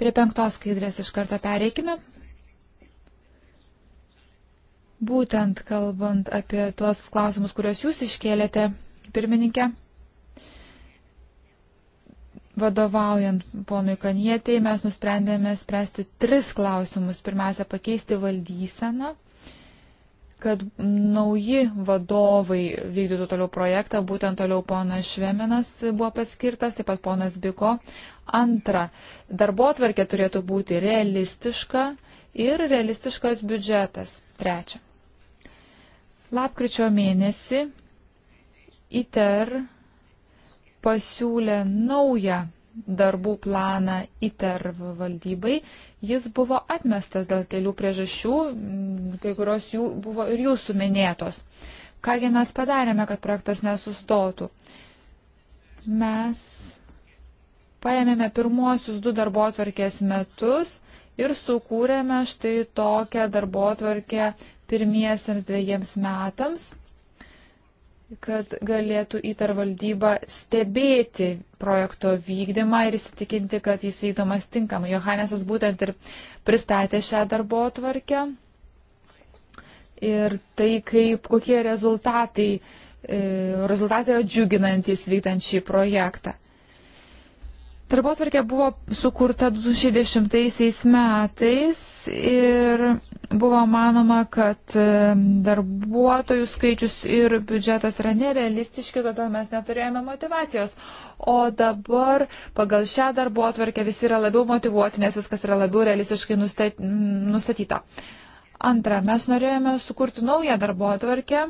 Prie penktos skaidrės iš karto pereikime. Būtent kalbant apie tuos klausimus, kuriuos jūs iškėlėte, pirmininkė, vadovaujant ponui Kanietei, mes nusprendėme spręsti tris klausimus. Pirmiausia, pakeisti valdyseną kad nauji vadovai vykdytų toliau projektą, būtent toliau ponas Šveminas buvo paskirtas, taip pat ponas Biko. Antra, darbo atvarkė turėtų būti realistiška ir realistiškas biudžetas. Trečia, lapkričio mėnesį ITER pasiūlė naują darbų planą ITER valdybai, jis buvo atmestas dėl kelių priežasčių, kai kurios jų buvo ir jūsų minėtos. Kągi mes padarėme, kad projektas nesustotų? Mes paėmėme pirmosius du darbo atvarkės metus ir sukūrėme štai tokią darbo atvarkę pirmiesiams dviejiems metams kad galėtų įtar valdybą stebėti projekto vykdymą ir įsitikinti, kad jis įdomas tinkamai. Johanesas būtent ir pristatė šią darbo tvarkę ir tai, kaip, kokie rezultatai, e, rezultatai yra džiuginantis vykdant šį projektą. Darbotvarkė buvo sukurta 2010 metais ir buvo manoma, kad e, darbuotojų skaičius ir biudžetas yra nerealistiški, todėl mes neturėjome motivacijos. O dabar pagal šią darbotvarkę visi yra labiau motivuoti, nes viskas yra labiau realistiškai nustatyta. Antra, mes norėjome sukurti naują darbotvarkę,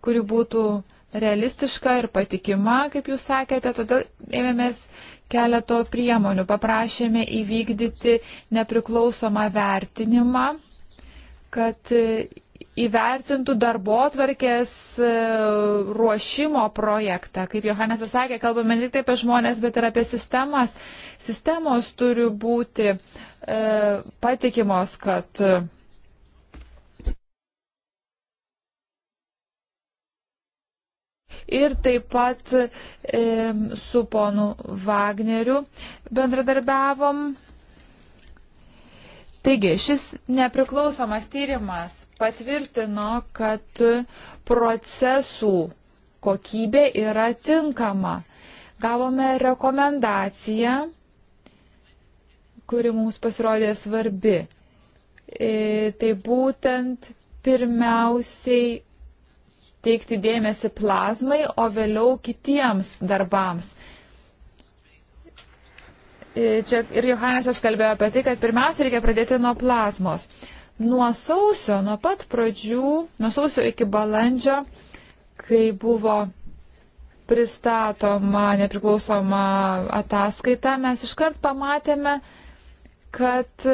kuri būtų realistiška ir patikima, kaip jūs sakėte, todėl ėmėmės keleto priemonių. Paprašėme įvykdyti nepriklausomą vertinimą, kad įvertintų darbo atvarkės e, ruošimo projektą. Kaip Johannesas sakė, kalbame ne tik apie žmonės, bet ir apie sistemas. Sistemos turi būti e, patikimos, kad e, ir taip pat e, su ponu Wagneriu bendradarbiavom. Taigi, šis nepriklausomas tyrimas patvirtino, kad procesų kokybė yra tinkama. Gavome rekomendaciją, kuri mums pasirodė svarbi. E, tai būtent pirmiausiai teikti dėmesį plazmai, o vėliau kitiems darbams. E, čia ir Johannesas kalbėjo apie tai, kad pirmiausia reikia pradėti nuo plazmos. Nuo sausio, nuo pat pradžių, nuo sausio iki balandžio, kai buvo pristatoma nepriklausoma ataskaita, mes iškart pamatėme, kad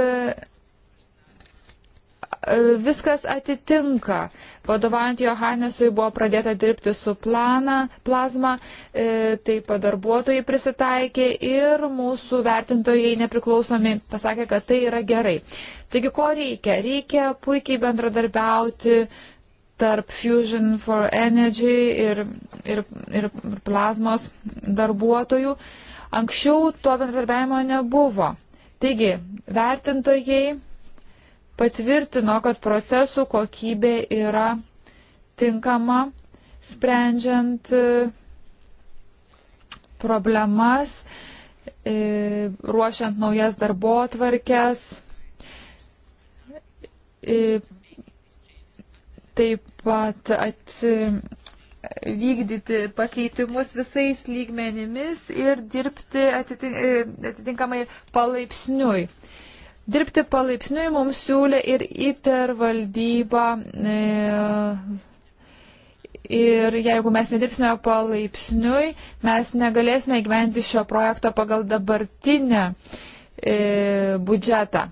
E, viskas atitinka. Vadovaujant Johannesui buvo pradėta dirbti su plana, plazma, e, taip pat darbuotojai prisitaikė ir mūsų vertintojai nepriklausomi pasakė, kad tai yra gerai. Taigi, ko reikia? Reikia puikiai bendradarbiauti tarp Fusion for Energy ir, ir, ir plazmos darbuotojų. Anksčiau to bendradarbiavimo nebuvo. Taigi, vertintojai patvirtino, kad procesų kokybė yra tinkama, sprendžiant e, problemas, e, ruošiant naujas darbo atvarkės. E, taip pat at, vykdyti pakeitimus visais lygmenimis ir dirbti atitink, atitinkamai palaipsniui. Dirbti palaipsniui mums siūlė ir ITER valdyba. E, ir jeigu mes nedirbsime palaipsniui, mes negalėsime įgyventi šio projekto pagal dabartinę e, biudžetą.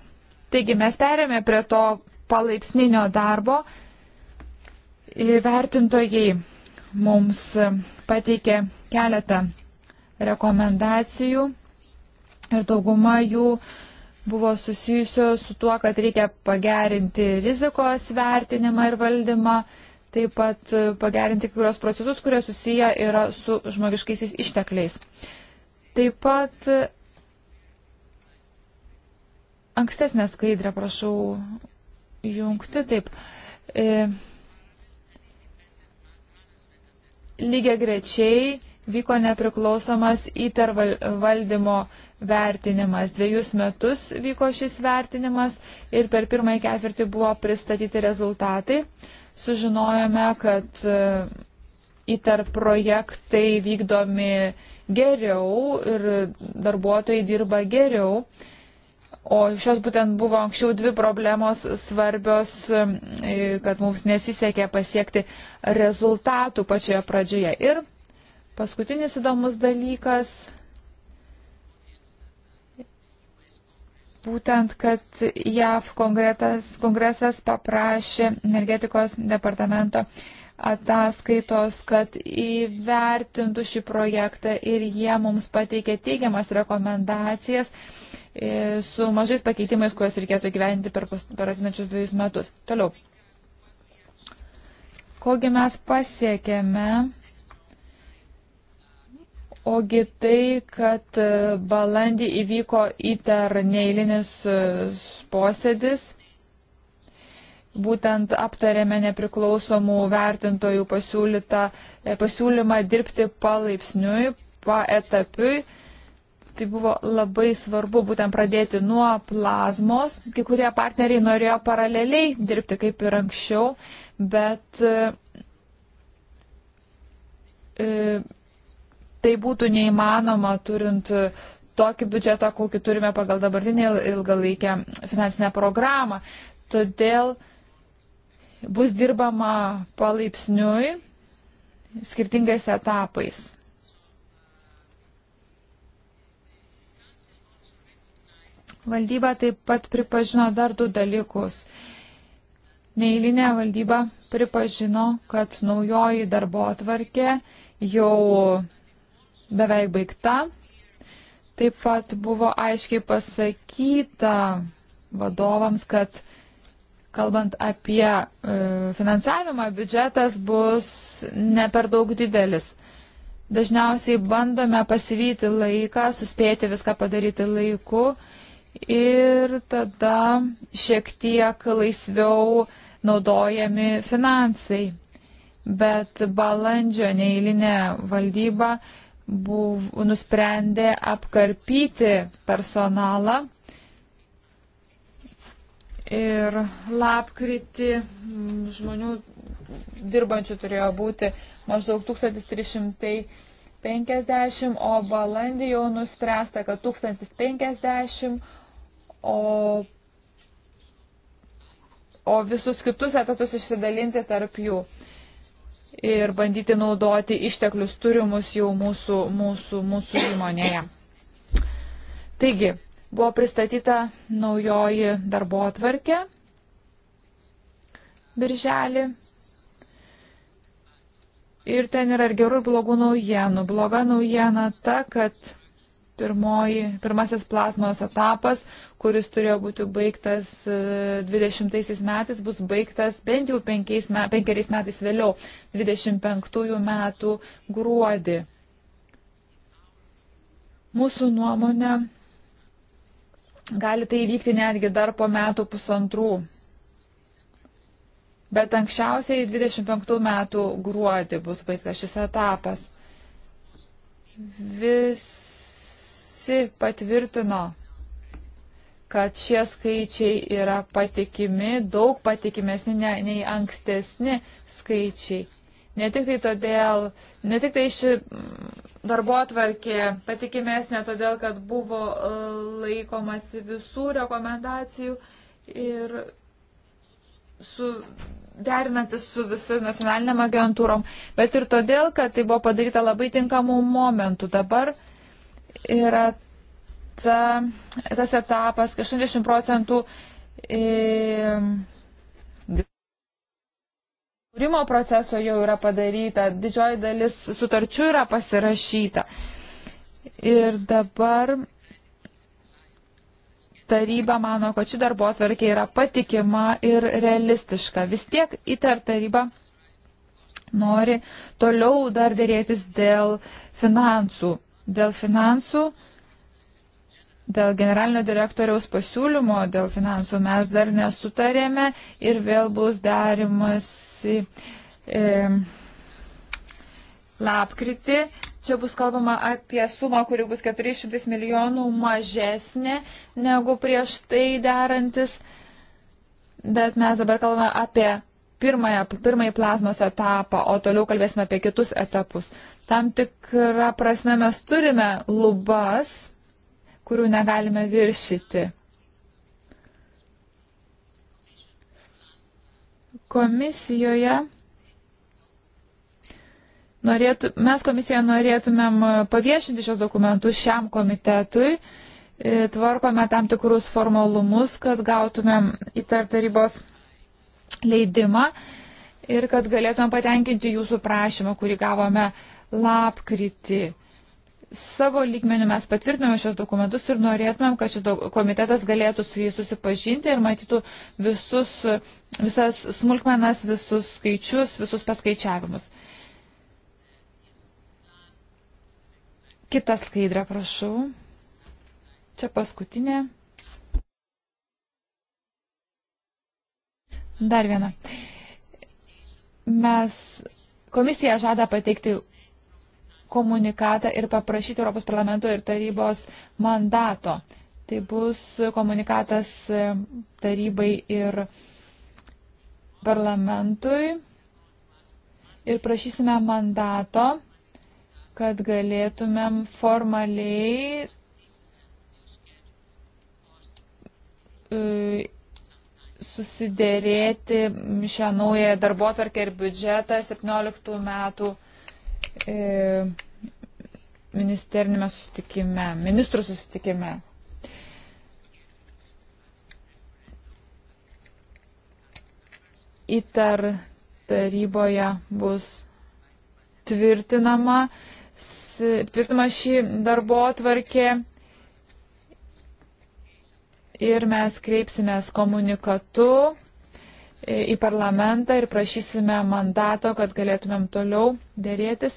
Taigi mes perėmė prie to palaipsninio darbo. Vertintojai mums pateikė keletą rekomendacijų ir dauguma jų e, buvo susijusios su tuo, kad reikia pagerinti rizikos vertinimą ir valdymą, taip pat e, pagerinti kai kurios procesus, kurie susiję yra su žmogiškaisiais ištekliais. Taip pat e, ankstesnę skaidrę, prašau, jungti taip. E, lygiai grečiai vyko nepriklausomas įtervaldymo vertinimas. Dviejus metus vyko šis vertinimas ir per pirmąjį ketvirtį buvo pristatyti rezultatai. Sužinojome, kad e, įtar projektai vykdomi geriau ir darbuotojai dirba geriau. O šios būtent buvo anksčiau dvi problemos svarbios, e, kad mums nesisekė pasiekti rezultatų pačioje pradžioje. Ir Paskutinis įdomus dalykas būtent, kad JAV kongresas paprašė energetikos departamento ataskaitos, kad įvertintų šį projektą ir jie mums pateikė teigiamas rekomendacijas e, su mažais pakeitimais, kuriuos reikėtų gyventi per, per atinačius dviejus metus. Toliau. Kogi mes pasiekėme Ogi tai, kad e, balandį įvyko įter neįlinis e, posėdis. Būtent aptarėme nepriklausomų vertintojų pasiūlytą, e, pasiūlymą dirbti palaipsniui, paetapiui. Tai buvo labai svarbu būtent pradėti nuo plazmos. Kai kurie partneriai norėjo paraleliai dirbti kaip ir anksčiau, bet. E, tai būtų neįmanoma turint tokį biudžetą, kokį turime pagal dabartinę ilgalaikę finansinę programą. Todėl bus dirbama palaipsniui skirtingais etapais. Valdyba taip pat pripažino dar du dalykus. Neįlinė valdyba pripažino, kad naujoji darbo atvarkė jau beveik baigta. Taip pat buvo aiškiai pasakyta vadovams, kad kalbant apie e, finansavimą, biudžetas bus ne per daug didelis. Dažniausiai bandome pasivyti laiką, suspėti viską padaryti laiku ir tada šiek tiek laisviau naudojami finansai. Bet balandžio neįlinė valdyba buvo, nusprendė apkarpyti personalą. Ir lapkritį žmonių dirbančių turėjo būti maždaug 1350, o balandį jau nuspręsta, kad 1050, o, o visus kitus etatus išsidalinti tarp jų ir bandyti naudoti išteklius turimus jau mūsų, mūsų, mūsų įmonėje. Taigi, buvo pristatyta naujoji darbo atvarkė birželį. Ir ten yra ir gerų ir blogų naujienų. Bloga naujiena ta, kad pirmoji, pirmasis plazmos etapas, kuris turėjo būti baigtas 20 e, metais, bus baigtas bent jau penkiais, penkeriais metais vėliau, 25 metų gruodį. Mūsų nuomonė gali tai įvykti netgi dar po metų pusantrų. Bet anksčiausiai 25 metų gruodį bus baigtas šis etapas. Vis visi patvirtino, kad šie skaičiai yra patikimi, daug patikimesni ne, nei ankstesni skaičiai. Ne tik tai todėl, ne tik tai ši mm, darbo atvarkė patikimesnė todėl, kad buvo e, laikomasi visų rekomendacijų ir su, derinantis su visai nacionaliniam agentūrom, bet ir todėl, kad tai buvo padaryta labai tinkamų momentų. Dabar uh, yra ta, tas etapas, kai 80 procentų e, kūrimo proceso jau yra padaryta, didžioji dalis sutarčių yra pasirašyta. Ir dabar taryba mano, kad ši darbo atvarkė yra patikima ir realistiška. Vis tiek įtar taryba nori toliau dar dėrėtis dėl finansų Dėl finansų, dėl generalinio direktoriaus pasiūlymo, dėl finansų mes dar nesutarėme ir vėl bus darimas e, lapkritį. Čia bus kalbama apie sumą, kuri bus 400 milijonų mažesnė negu prieš tai derantis. Bet mes dabar kalbame apie pirmąją, pirmąjį plazmos etapą, o toliau kalbėsime apie kitus etapus. Tam tikrą prasme mes turime lubas, kurių negalime viršyti. Komisijoje norėtų, mes komisijoje norėtumėm paviešinti šios dokumentus šiam komitetui e, tvarkome tam tikrus formalumus, kad gautumėm įtartarybos leidimą ir kad galėtume patenkinti jūsų prašymą, kurį gavome lapkritį. Savo lygmenių mes patvirtinome šios dokumentus ir norėtumėm, kad šis komitetas galėtų su jais susipažinti ir matytų visus, visas smulkmenas, visus skaičius, visus paskaičiavimus. Kita skaidrė, prašau. Čia paskutinė. Dar viena. Mes, komisija žada pateikti komunikatą ir paprašyti Europos parlamento ir tarybos mandato. Tai bus komunikatas e, tarybai ir parlamentui ir prašysime mandato, kad galėtumėm formaliai e, susidėrėti šią naują darbo tvarkę ir biudžetą 17 metų e, ministerinėme susitikime, ministrų susitikime. Įtar taryboje bus tvirtinama, tvirtinama šį darbo tvarkė ir mes kreipsimės komunikatu į parlamentą ir prašysime mandato, kad galėtumėm toliau dėrėtis.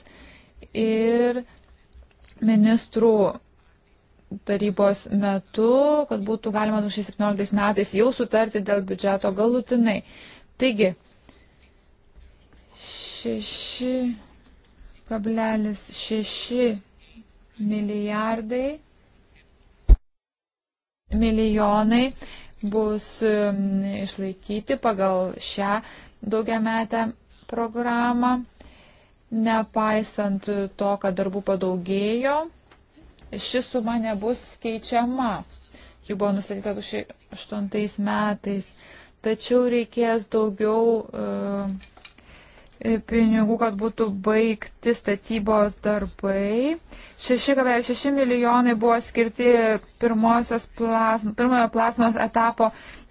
Ir ministrų tarybos metu, kad būtų galima 2017 metais jau sutarti dėl biudžeto galutinai. Taigi, 6,6 milijardai milijonai bus išlaikyti pagal šią daugiametę programą, nepaisant to, kad darbų padaugėjo, ši suma nebus keičiama. Ji buvo nustatyta 2008 metais, tačiau reikės daugiau uh, E, pinigų, kad būtų baigti statybos darbai. 6,6 milijonai buvo skirti plasm, pirmojo plasmos etapo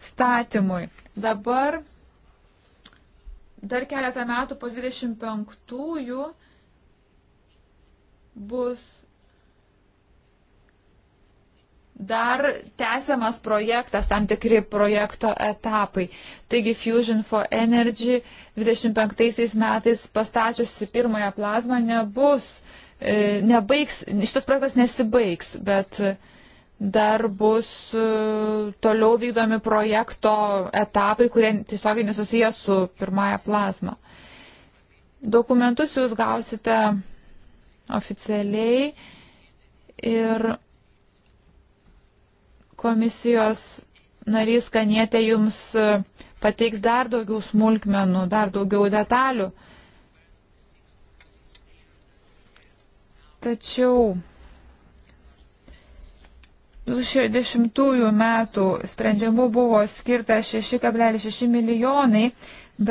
statymui. Dabar dar keletą metų po 25-ųjų bus dar tęsiamas projektas, tam tikri projekto etapai. Taigi Fusion for Energy 25 metais pastačiusi pirmąją plazmą nebus, e, nebaigs, šitas projektas nesibaigs, bet dar bus e, toliau vykdomi projekto etapai, kurie tiesiogiai nesusiję su pirmąją plazmą. Dokumentus jūs gausite oficialiai ir komisijos narys Kanietė jums e, pateiks dar daugiau smulkmenų, dar daugiau detalių. Tačiau 2010 metų sprendimų buvo skirta 6,6 milijonai,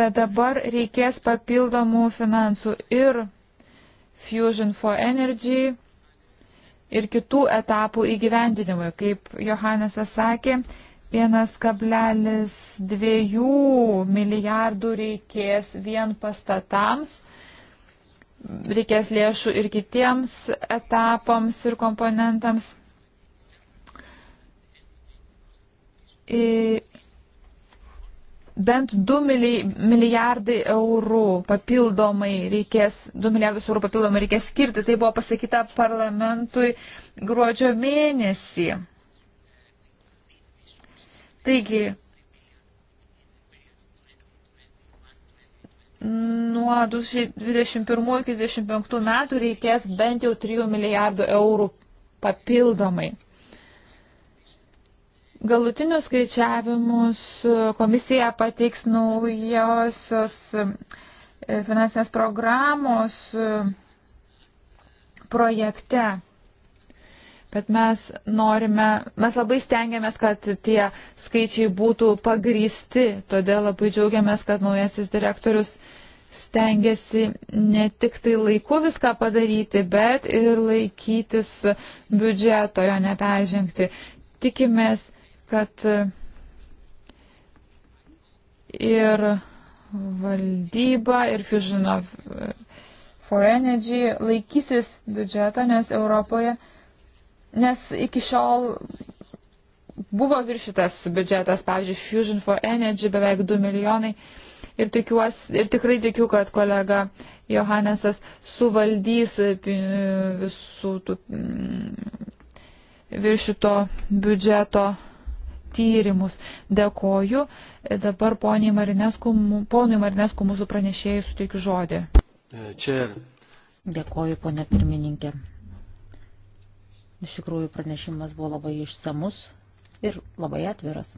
bet dabar reikės papildomų finansų ir Fusion for Energy ir kitų etapų įgyvendinimui. Kaip Johanesas sakė, 1,2 milijardų reikės vien pastatams, reikės lėšų ir kitiems etapams ir komponentams. Ir bent 2 milijardai eurų papildomai reikės, 2 milijardus eurų papildomai reikės skirti. Tai buvo pasakyta parlamentui gruodžio mėnesį. Taigi, nuo 2021 iki 2025 metų reikės bent jau 3 milijardų eurų papildomai. Galutinius skaičiavimus e, komisija pateiks naujosios e, finansinės programos e, projekte. Bet mes norime, mes labai stengiamės, kad tie skaičiai būtų pagrysti, todėl labai džiaugiamės, kad naujasis direktorius stengiasi ne tik tai laiku viską padaryti, bet ir laikytis biudžeto jo neperžengti. Tikimės, kad ir valdyba, ir Fusion of eh, for Energy laikysis biudžeto, nes Europoje, nes iki šiol buvo viršytas biudžetas, pavyzdžiui, Fusion for Energy beveik 2 milijonai. Ir, tikiuos, ir tikrai tikiu, kad kolega Johannesas suvaldys eh, eh, visų tų mm, viršito biudžeto tyrimus. Dėkoju. Dabar poniai Marinesku, ponui Marinesku mūsų pranešėjai suteikiu žodį. Čia. E, Dėkoju, ponė pirmininkė. Iš tikrųjų, pranešimas buvo labai išsamus ir labai atviras.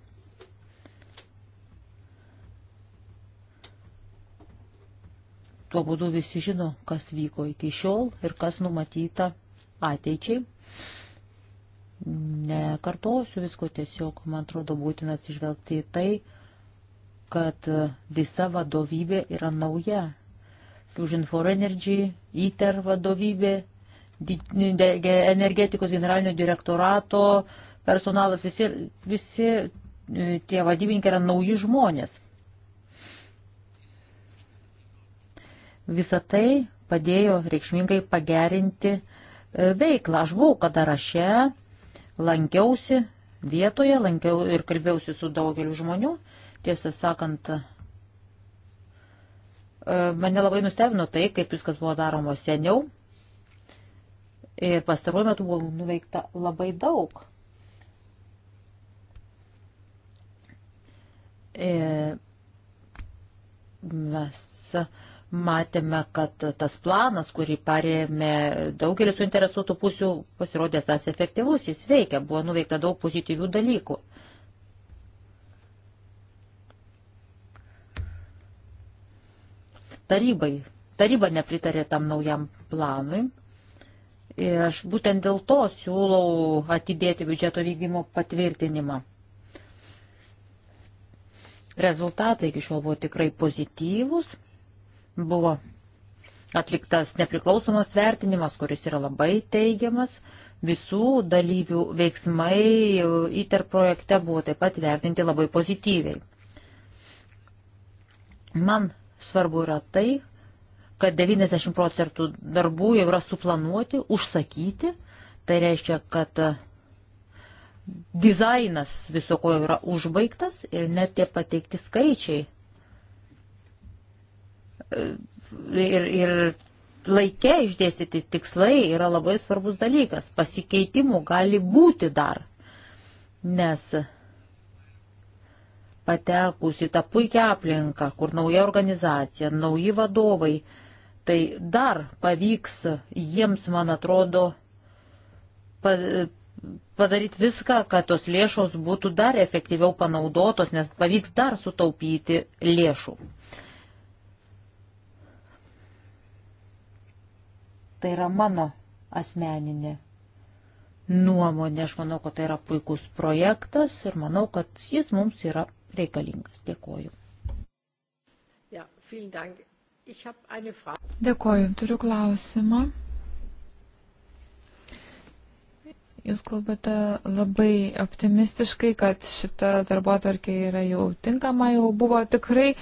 Tuo būdu visi žino, kas vyko iki šiol ir kas numatyta ateičiai. Nekartosiu visko, tiesiog man atrodo būtina atsižvelgti į tai, kad visa vadovybė yra nauja. Fusion for Energy, ITER vadovybė, energetikos generalinio direktorato personalas, visi, visi e, tie vadybininkai yra nauji žmonės. Visą tai padėjo reikšmingai pagerinti e, veiklą. Aš buvau kada raše lankiausi vietoje, lankiau ir kalbėjausi su daugeliu žmonių. Tiesą sakant, e, mane labai nustebino tai, kaip viskas buvo daroma seniau. Ir pastaruoju metu buvo nuveikta labai daug. E, mes Matėme, kad tas planas, kurį parėmė daugelis suinteresuotų pusių, pasirodė tas efektyvus, jis veikia, buvo nuveikta daug pozityvių dalykų. Tarybai. Taryba nepritarė tam naujam planui. Ir aš būtent dėl to siūlau atidėti biudžeto vykdymo patvirtinimą. Rezultatai iki šiol buvo tikrai pozityvūs Buvo atliktas nepriklausomas vertinimas, kuris yra labai teigiamas. Visų dalyvių veiksmai ITER projekte buvo taip pat vertinti labai pozityviai. Man svarbu yra tai, kad 90 procentų darbų jau yra suplanuoti, užsakyti. Tai reiškia, kad dizainas viso ko yra užbaigtas ir net tie pateikti skaičiai ir, ir laikė išdėstyti tikslai yra labai svarbus dalykas. Pasikeitimų gali būti dar, nes patekus į tą puikią aplinką, kur nauja organizacija, nauji vadovai, tai dar pavyks jiems, man atrodo, padaryti viską, kad tos lėšos būtų dar efektyviau panaudotos, nes pavyks dar sutaupyti lėšų. Uh, Tai yra mano asmeninė nuomonė. Aš manau, kad tai yra puikus projektas ir manau, kad jis mums yra reikalingas. Dėkoju. Ja, Dėkoju. Turiu klausimą. Jūs kalbate labai optimistiškai, kad šita darbotvarkė yra jau tinkama, jau buvo tikrai e,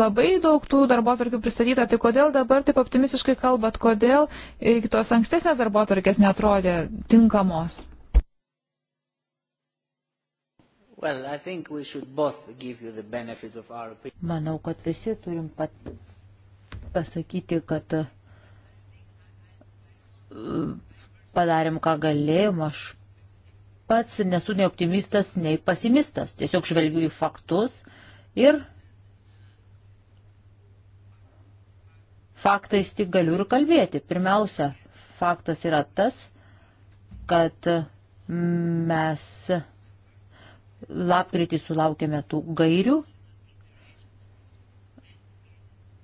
labai daug tų darbotvarkių pristatyta. Tai kodėl dabar taip optimistiškai kalbat, kodėl iki tos ankstesnės darbotvarkės netrodė tinkamos? Well, our... Manau, kad visi turim pat pasakyti, kad e, padarėm, ką galėjom. Aš pats nesu nei optimistas, nei pesimistas. Tiesiog žvelgiu į faktus ir faktais tik galiu ir kalbėti. Pirmiausia, faktas yra tas, kad mes lapkritį sulaukėme tų gairių.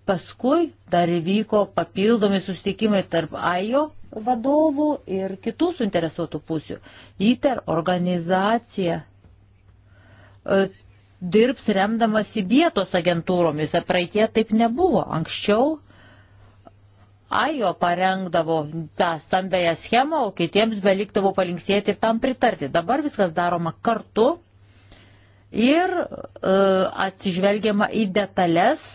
Paskui dar įvyko papildomi susitikimai tarp AIO vadovų ir kitų suinteresuotų pusių. ITER organizacija e, dirbs remdamas į vietos agentūromis, praeitie taip nebuvo. Anksčiau AIO parengdavo tą stambėją schemą, o kitiems belikdavo palinksėti ir tam pritarti. Dabar viskas daroma kartu ir e, atsižvelgiama į detalės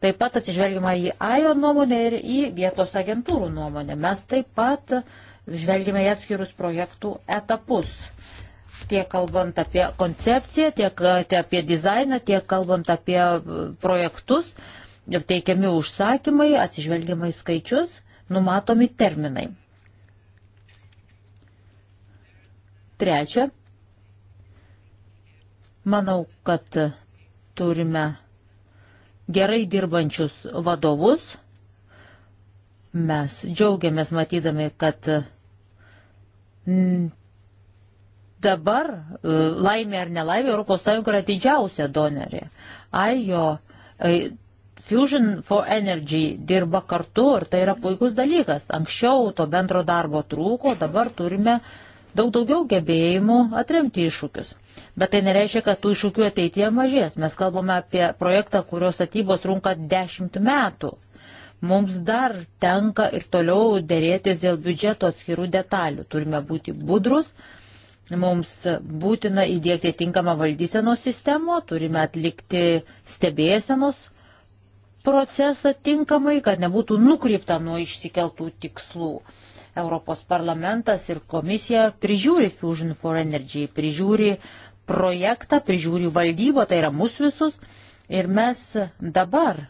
Taip pat atsižvelgiama į AIO nuomonę ir į vietos agentūrų nuomonę. Mes taip pat žvelgime į atskirus projektų etapus. Tiek kalbant apie koncepciją, tiek apie dizainą, tiek kalbant apie e, projektus, teikiami užsakymai, atsižvelgiama į skaičius, numatomi terminai. Trečia, manau, kad turime gerai dirbančius vadovus. Mes džiaugiamės matydami, kad mm, dabar, e, laimė ar nelaimė, ES yra didžiausia donorė. AIO e, Fusion for Energy dirba kartu ir tai yra puikus dalykas. Anksčiau to bendro darbo trūko, dabar turime uh, daug daugiau gebėjimų atremti iššūkius. Bet tai nereiškia, kad tų iššūkių ateityje mažės. Mes kalbame apie projektą, kurio statybos trunka 10 metų. Mums dar tenka ir toliau dėrėtis dėl biudžeto atskirų detalių. Turime būti budrus, mums būtina įdėkti tinkamą valdysenos sistemą, turime atlikti stebėsenos procesą tinkamai, kad nebūtų nukrypta nuo išsikeltų tikslų. Europos parlamentas ir komisija prižiūri Fusion for Energy, prižiūri projektą, prižiūri valdybą, tai yra mūsų visus. Ir mes dabar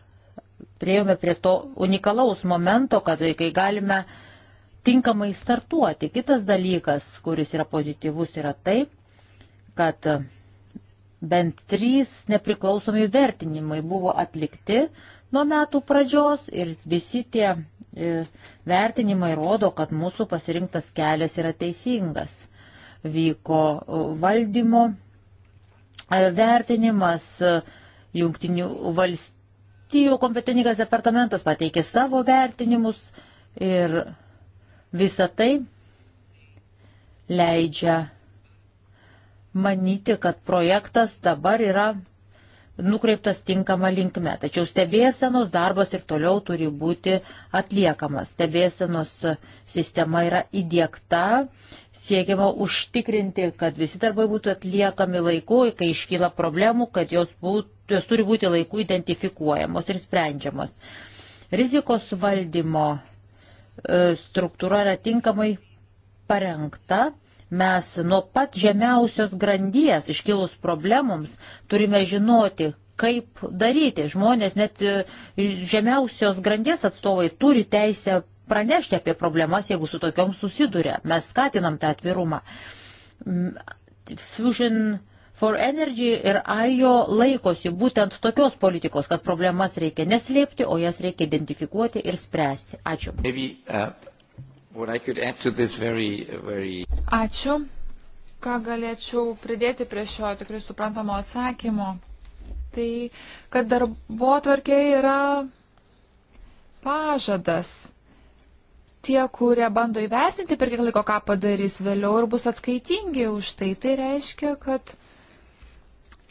priejome prie to unikalaus momento, kad kai galime tinkamai startuoti. Kitas dalykas, kuris yra pozityvus, yra tai, kad bent trys nepriklausomi vertinimai buvo atlikti nuo metų pradžios ir visi tie E, vertinimai rodo, kad mūsų pasirinktas kelias yra teisingas. Vyko e, valdymo e, vertinimas, jungtinių valstijų kompetentingas departamentas pateikė savo vertinimus ir visa tai leidžia manyti, kad projektas dabar yra nukreiptas tinkama linkme. Tačiau stebėsenos darbas ir toliau turi būti atliekamas. Stebėsenos sistema yra įdėkta, siekiama užtikrinti, kad visi darbai būtų atliekami laiku, kai iškyla problemų, kad jos, būt, jos turi būti laiku identifikuojamos ir sprendžiamos. Rizikos valdymo e, struktūra yra tinkamai parengta Mes nuo pat žemiausios grandies iškilus problemoms turime žinoti, kaip daryti. Žmonės, net e, žemiausios grandies atstovai turi teisę pranešti apie problemas, jeigu su tokiom susiduria. Mes skatinam tą atvirumą. Fusion for Energy ir AIO laikosi būtent tokios politikos, kad problemas reikia neslėpti, o jas reikia identifikuoti ir spręsti. Ačiū. Maybe, uh... Very, very... Ačiū. Ką galėčiau pridėti prie šio tikrai suprantamo atsakymo? Tai, kad darbo tvarkė yra pažadas. Tie, kurie bando įvertinti per kiek laiko, ką padarys vėliau ir bus atskaitingi už tai, tai reiškia, kad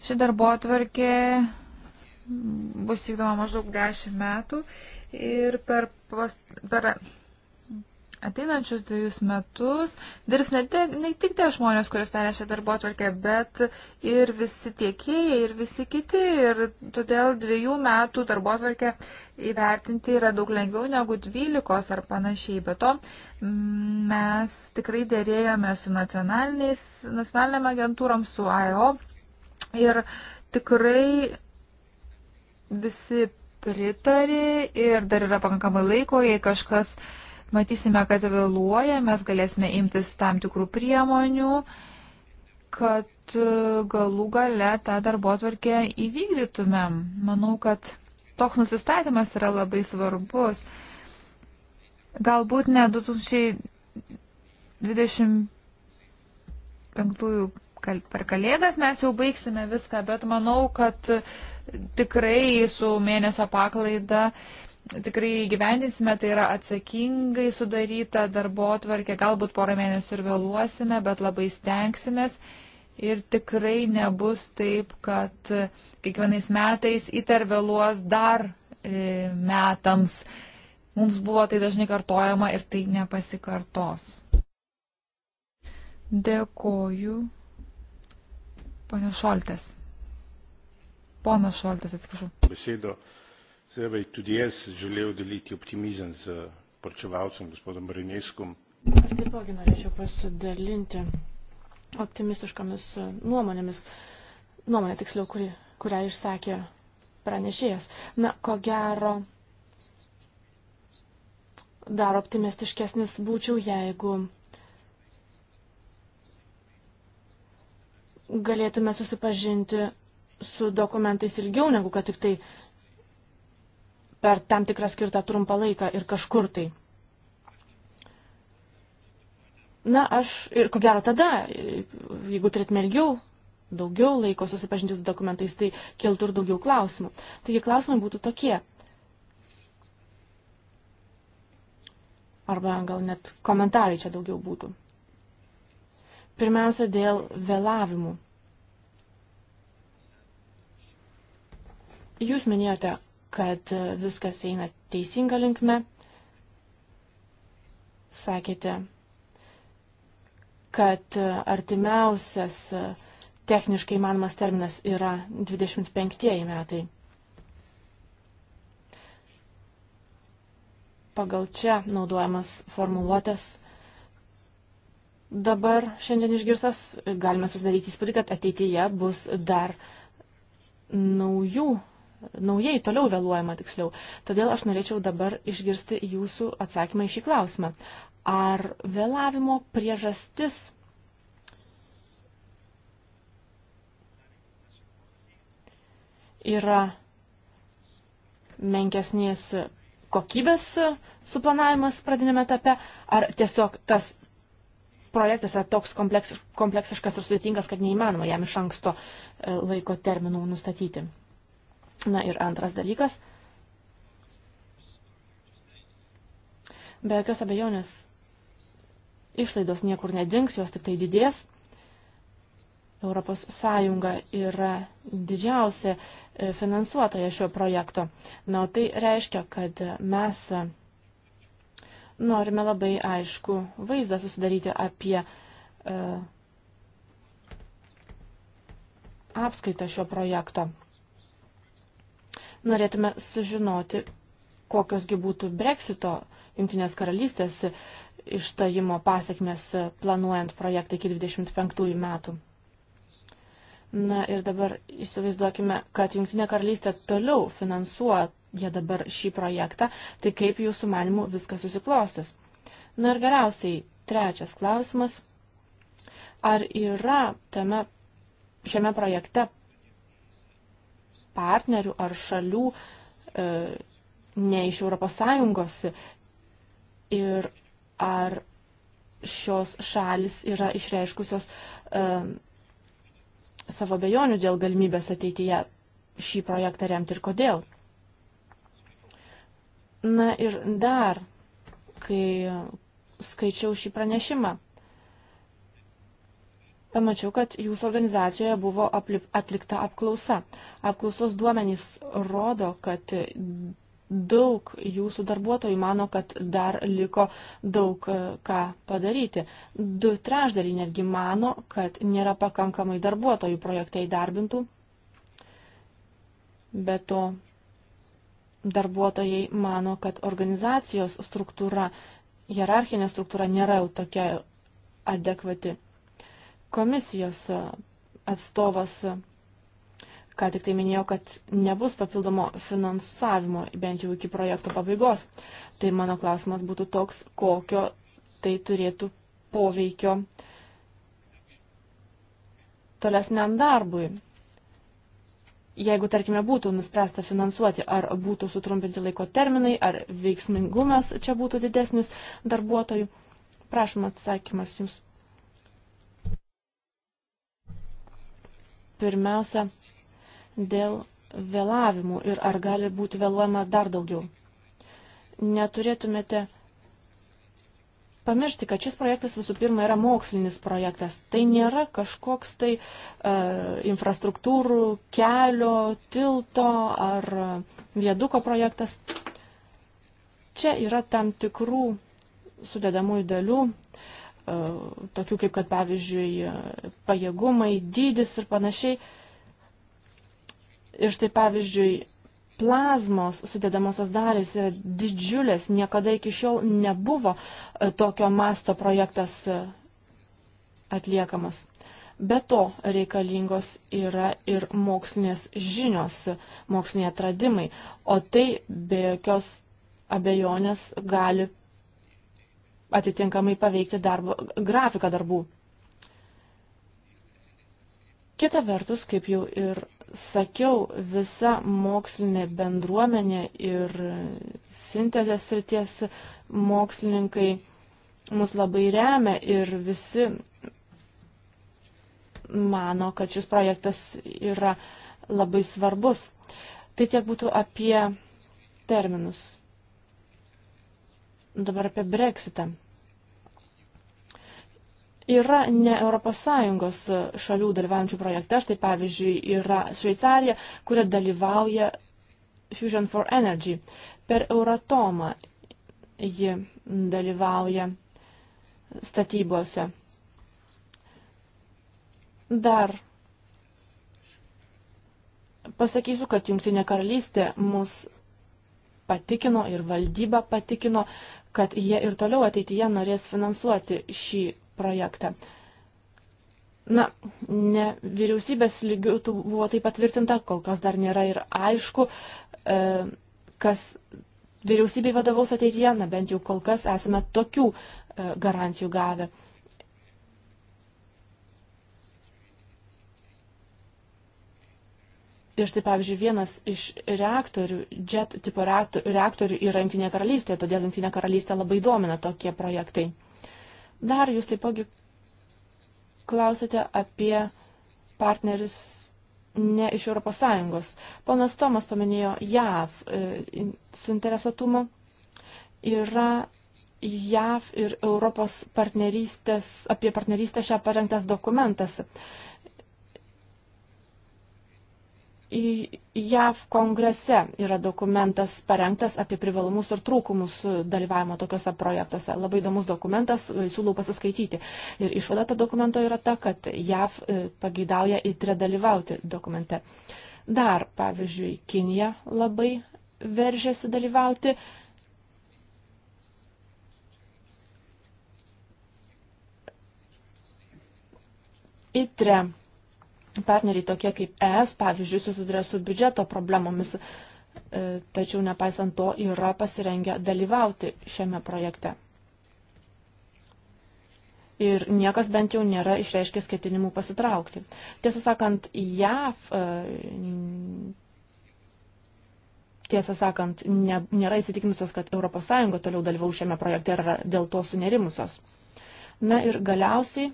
ši darbo tvarkė bus vykdoma maždaug 10 metų ir per, pas, per ateinančius dviejus metus dirbs ne, te, ne tik tie žmonės, kuriuos ten nešia darbo atvarkė, bet ir visi tiekėjai, ir visi kiti. Ir todėl dviejų metų darbo atvarkė įvertinti yra daug lengviau negu dvylikos ar panašiai. Be to, mm, mes tikrai dėrėjome su nacionaliniam agentūram, su AEO. Ir tikrai visi pritarė ir dar yra pakankamai laiko, jei kažkas uh, matysime, kad vėluoja, mes galėsime imtis tam tikrų priemonių, kad e, galų gale tą darbo atvarkę įvykdytumėm. Manau, kad toks nusistatymas yra labai svarbus. Galbūt ne 2025 per kalėdas mes jau baigsime viską, bet manau, kad tikrai su mėnesio paklaida tikrai gyvendinsime, tai yra atsakingai sudaryta darbo atvarkė, galbūt porą mėnesių ir vėluosime, bet labai stengsimės. Ir tikrai nebus taip, kad kiekvienais metais įtervėluos dar e, metams. Mums buvo tai dažnai kartojama ir tai nepasikartos. Dėkoju. Pane Šoltas. Ponas Šoltas, atsiprašau. Besedo. Seveda in tudi jaz želel deliti optimizem z poročevalcem gospodom Marineskom. Aš taipogi norėčiau pasidalinti optimistiškomis nuomonėmis, nuomonė tiksliau, kuri, kurią išsakė pranešėjas. Na, ko gero, dar optimistiškesnis būčiau, jeigu galėtume susipažinti su dokumentais ilgiau negu kad tik tai per tam tikrą skirtą trumpą laiką ir kažkur tai. Na, aš ir ko gero tada, jeigu turėtume ilgiau, daugiau laiko susipažinti su dokumentais, tai kiltų ir daugiau klausimų. Taigi klausimai būtų tokie. Arba gal net komentarai čia daugiau būtų. Pirmiausia, dėl vėlavimų. Jūs minėjote kad viskas eina teisinga linkme. Sakėte, kad artimiausias techniškai įmanomas terminas yra 25 metai. Pagal čia naudojamas formuluotės dabar šiandien išgirstas, galime susidaryti įspūdį, kad ateityje bus dar naujų naujai, toliau vėluojama tiksliau. Todėl aš norėčiau dabar išgirsti jūsų atsakymą į šį klausimą. Ar vėlavimo priežastis yra menkesnės kokybės suplanavimas pradinėme etape, ar tiesiog tas projektas yra toks kompleksiškas ir sudėtingas, kad neįmanoma jam iš anksto e, laiko terminų nustatyti. Na ir antras dalykas. Be jokios abejonės išlaidos niekur nedings, jos tik tai didės. Europos Sąjunga yra didžiausia e, finansuotoja šio projekto. Na, tai reiškia, kad mes norime labai aišku vaizdą susidaryti apie uh, apskaitą šio projekto norėtume sužinoti, kokiosgi būtų Brexito Junktinės karalystės išstojimo pasiekmes planuojant projektą iki 25 metų. Na ir dabar įsivaizduokime, kad Junktinė karalystė toliau finansuoja dabar šį projektą, tai kaip jūsų manimų viskas susiklostis. Na ir galiausiai trečias klausimas. Ar yra tame, šiame projekte partnerių ar šalių e, ne iš ES ir ar šios šalis yra išreiškusios e, savo bejonių dėl galimybės ateityje šį projektą remti ir kodėl. Na ir dar, kai skaičiau šį pranešimą, pamačiau, kad jūsų organizacijoje buvo atlikta apklausa. Apklausos duomenys rodo, kad daug jūsų darbuotojų mano, kad dar liko daug e, ką padaryti. Du trešdaliai netgi mano, kad nėra pakankamai darbuotojų projektai darbintų. Be to, darbuotojai mano, kad organizacijos struktūra, hierarchinė struktūra nėra jau tokia adekvati. Komisijos e, atstovas e, ką tik tai minėjo, kad nebus papildomo finansavimo, bent jau iki projekto pabaigos. Tai mano klausimas būtų toks, kokio tai turėtų poveikio tolesniam darbui. Jeigu, tarkime, būtų nuspręsta finansuoti, ar būtų sutrumpinti laiko terminai, ar veiksmingumas čia būtų didesnis darbuotojų. Prašom atsakymas jums. Pirmiausia, dėl vėlavimų ir ar gali būti vėluojama dar daugiau. Neturėtumėte pamiršti, kad šis projektas visų pirma yra mokslinis projektas. Tai nėra kažkoks tai e, infrastruktūrų, kelio, tilto ar vieduko projektas. Čia yra tam tikrų sudedamųjų dalių, E, tokių kaip, kad pavyzdžiui, pajėgumai, dydis ir panašiai. Ir štai pavyzdžiui, plazmos sudėdamosios dalys yra didžiulės, niekada iki šiol nebuvo e, tokio masto projektas e, atliekamas. Be to reikalingos yra ir mokslinės žinios, moksliniai atradimai, o tai be jokios abejonės gali atitinkamai paveikti darbo, grafiką darbų. Kita vertus, kaip jau ir sakiau, visa mokslinė bendruomenė ir sintezės srities mokslininkai mus labai remia ir visi mano, kad šis projektas yra labai svarbus. Tai tiek būtų apie terminus. Dabar apie Brexitą. Yra ne ES šalių dalyvaujančių projekte, štai pavyzdžiui yra Šveicarija, kuria dalyvauja Fusion for Energy. Per Euratomą ji dalyvauja statybose. Dar pasakysiu, kad Junktinė karalystė mus patikino ir valdyba patikino, kad jie ir toliau ateityje norės finansuoti šį projektą. Na, ne vyriausybės lygių buvo tai patvirtinta, kol kas dar nėra ir aišku, e, kas vyriausybei vadovaus ateityje, na bent jau kol kas esame tokių e, garantijų gavę. Ir štai, pavyzdžiui, vienas iš reaktorių, jet tipo reaktorių yra Junktinė karalystė, todėl Junktinė karalystė labai domina tokie projektai. Dar jūs taipogi klausėte apie partnerius ne iš ES. Ponas Tomas paminėjo JAV e, suinteresuotumą. Yra JAV ir Europos partnerystės, apie partnerystę šią parengtas dokumentas. E, JAV kongrese yra dokumentas parengtas apie privalumus ir trūkumus dalyvavimo tokiuose projektuose. Labai įdomus dokumentas, e, siūlau pasiskaityti. Ir išvada to dokumento yra ta, kad JAV e, pageidauja įtre dalyvauti dokumente. Dar, pavyzdžiui, Kinija labai veržiasi dalyvauti. ITRE partneriai tokie kaip ES, pavyzdžiui, susiduria su biudžeto problemomis, e, tačiau nepaisant to yra pasirengę dalyvauti šiame projekte. Ir niekas bent jau nėra išreiškęs ketinimų pasitraukti. Tiesą sakant, JAV, e, tiesą sakant, ne, nėra įsitikinusios, kad ES toliau dalyvau šiame projekte ir yra dėl to sunerimusios. Na ir galiausiai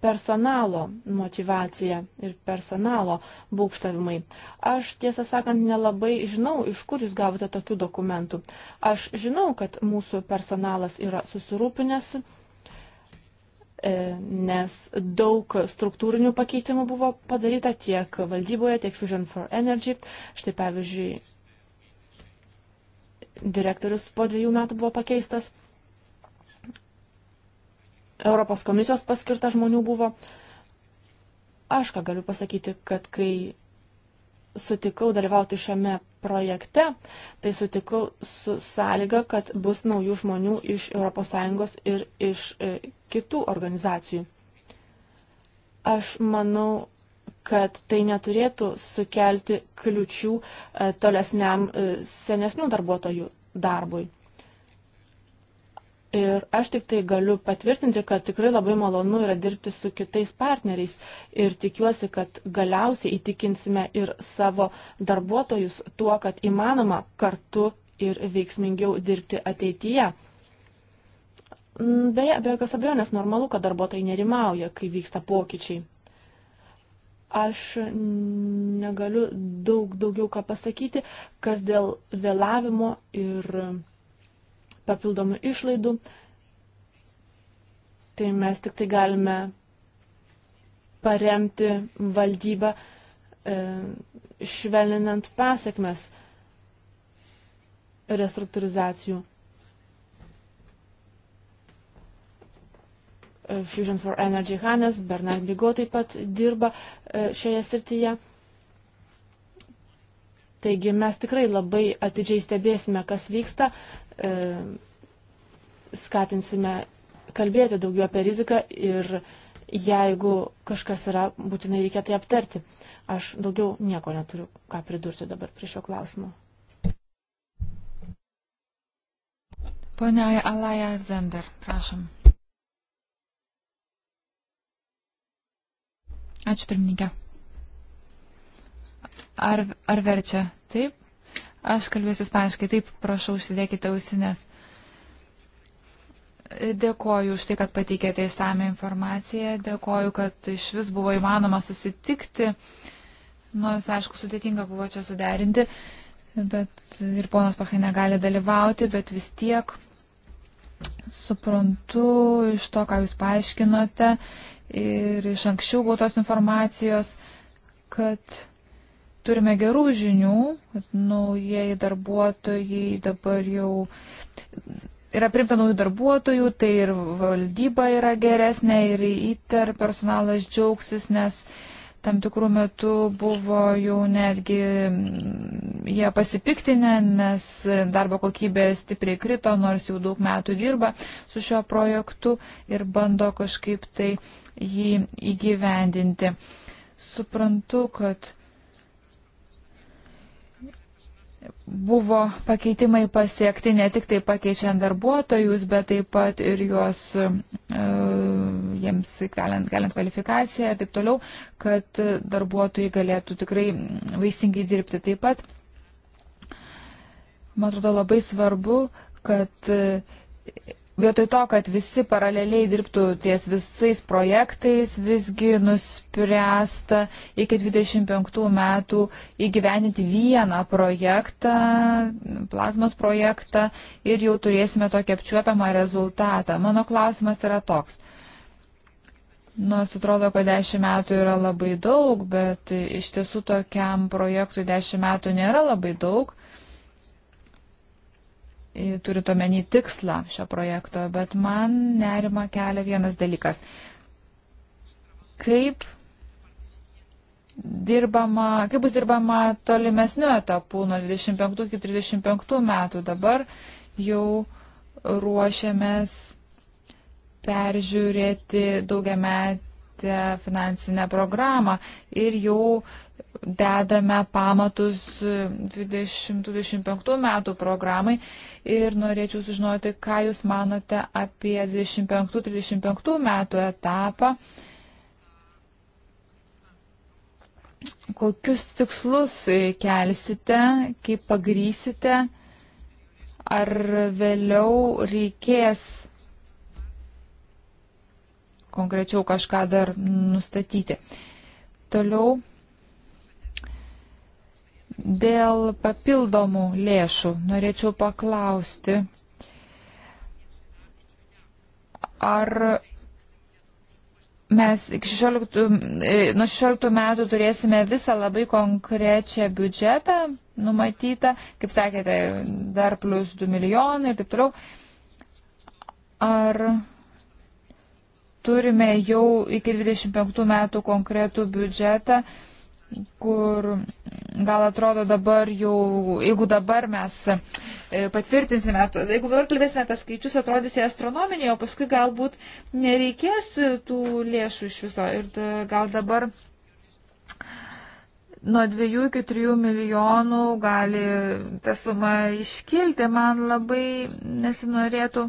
personalo motivacija ir personalo būkštavimai. Aš tiesą sakant nelabai žinau, iš kur jūs gavote tokių dokumentų. Aš žinau, kad mūsų personalas yra susirūpinęs, e, nes daug struktūrinių pakeitimų buvo padaryta tiek valdyboje, tiek Fusion for Energy. Štai pavyzdžiui, direktorius po dviejų metų buvo pakeistas. Europos komisijos paskirta žmonių buvo. Aš ką galiu pasakyti, kad kai sutikau dalyvauti šiame projekte, tai sutikau su sąlyga, kad bus naujų žmonių iš ES ir iš e, kitų organizacijų. Aš manau, kad tai neturėtų sukelti kliučių e, tolesniam e, senesnių darbuotojų darbui. Ir aš tik tai galiu patvirtinti, kad tikrai labai malonu yra dirbti su kitais partneriais ir tikiuosi, kad galiausiai įtikinsime ir savo darbuotojus tuo, kad įmanoma kartu ir veiksmingiau dirbti ateityje. Mm, beje, be jokios abejonės normalu, kad darbuotojai nerimauja, kai vyksta pokyčiai. Aš negaliu daug daugiau ką pasakyti, kas dėl vėlavimo ir papildomų išlaidų, tai mes tik tai galime paremti valdybą, e, švelninant pasiekmes restruktūrizacijų. E, Fusion for Energy Hanes, Bernard Bigo taip pat dirba e, šioje srityje. Taigi mes tikrai labai atidžiai stebėsime, kas vyksta, E, skatinsime kalbėti daugiau apie riziką ir jeigu kažkas yra, būtinai reikia tai aptarti. Aš daugiau nieko neturiu ką pridurti dabar prie šio klausimo. Pone Alaja Zender, prašom. Ačiū pirmininkė. Ar, ar verčia? Taip. Aš kalbėsiu ispaniškai, taip prašau, užsidėkite ausinės. Dėkoju už tai, kad pateikėte įsame informaciją, dėkoju, kad iš vis buvo įmanoma susitikti, nors, aišku, sudėtinga buvo čia suderinti, bet ir ponas Pachai negali dalyvauti, bet vis tiek suprantu iš to, ką jūs paaiškinote ir iš anksčiau gautos informacijos, kad turime gerų žinių, kad naujieji darbuotojai dabar jau yra primta naujų darbuotojų, tai ir valdyba yra geresnė ir įter personalas džiaugsis, nes tam tikrų metų buvo jau netgi mm, jie pasipiktinę, nes darbo kokybė stipriai krito, nors jau daug metų dirba su šiuo projektu ir bando kažkaip tai jį įgyvendinti. Suprantu, kad Buvo pakeitimai pasiekti ne tik tai pakeičiant darbuotojus, bet taip pat ir juos, e, jiems keliant, keliant kvalifikaciją ir taip toliau, kad darbuotojai galėtų tikrai vaisingai dirbti taip pat. Man atrodo labai svarbu, kad vietoj to, kad visi paraleliai dirbtų ties visais projektais, visgi nuspręsta iki 25 metų įgyveninti vieną projektą, plazmos projektą ir jau turėsime tokį apčiuopiamą rezultatą. Mano klausimas yra toks. Nors atrodo, kad 10 metų yra labai daug, bet iš tiesų tokiam projektui 10 metų nėra labai daug turint omeny tikslą šio projekto, bet man nerima kelia vienas dalykas. Kaip, dirbama, kaip bus dirbama tolimesniu etapu nuo 25 iki 35 metų? Dabar jau ruošiamės peržiūrėti daugiametį daugiametę finansinę programą ir jau dedame pamatus 2025 metų programai ir norėčiau sužinoti, ką Jūs manote apie 25-35 metų etapą. Kokius tikslus kelsite, kaip pagrysite, ar vėliau reikės konkrečiau kažką dar nustatyti. Toliau dėl papildomų lėšų norėčiau paklausti, ar mes 16, e, nuo 16 metų turėsime visą labai konkrečią biudžetą numatytą, kaip sakėte, dar plus 2 milijonai ir taip toliau. Ar turime jau iki 25 metų konkretų biudžetą, kur gal atrodo dabar jau, jeigu dabar mes e, patvirtinsime, jeigu dabar kalbėsime apie skaičius, atrodys jie astronominiai, o paskui galbūt nereikės tų lėšų iš viso. Ir gal dabar nuo 2 iki 3 milijonų gali ta suma iškilti. Man labai nesinorėtų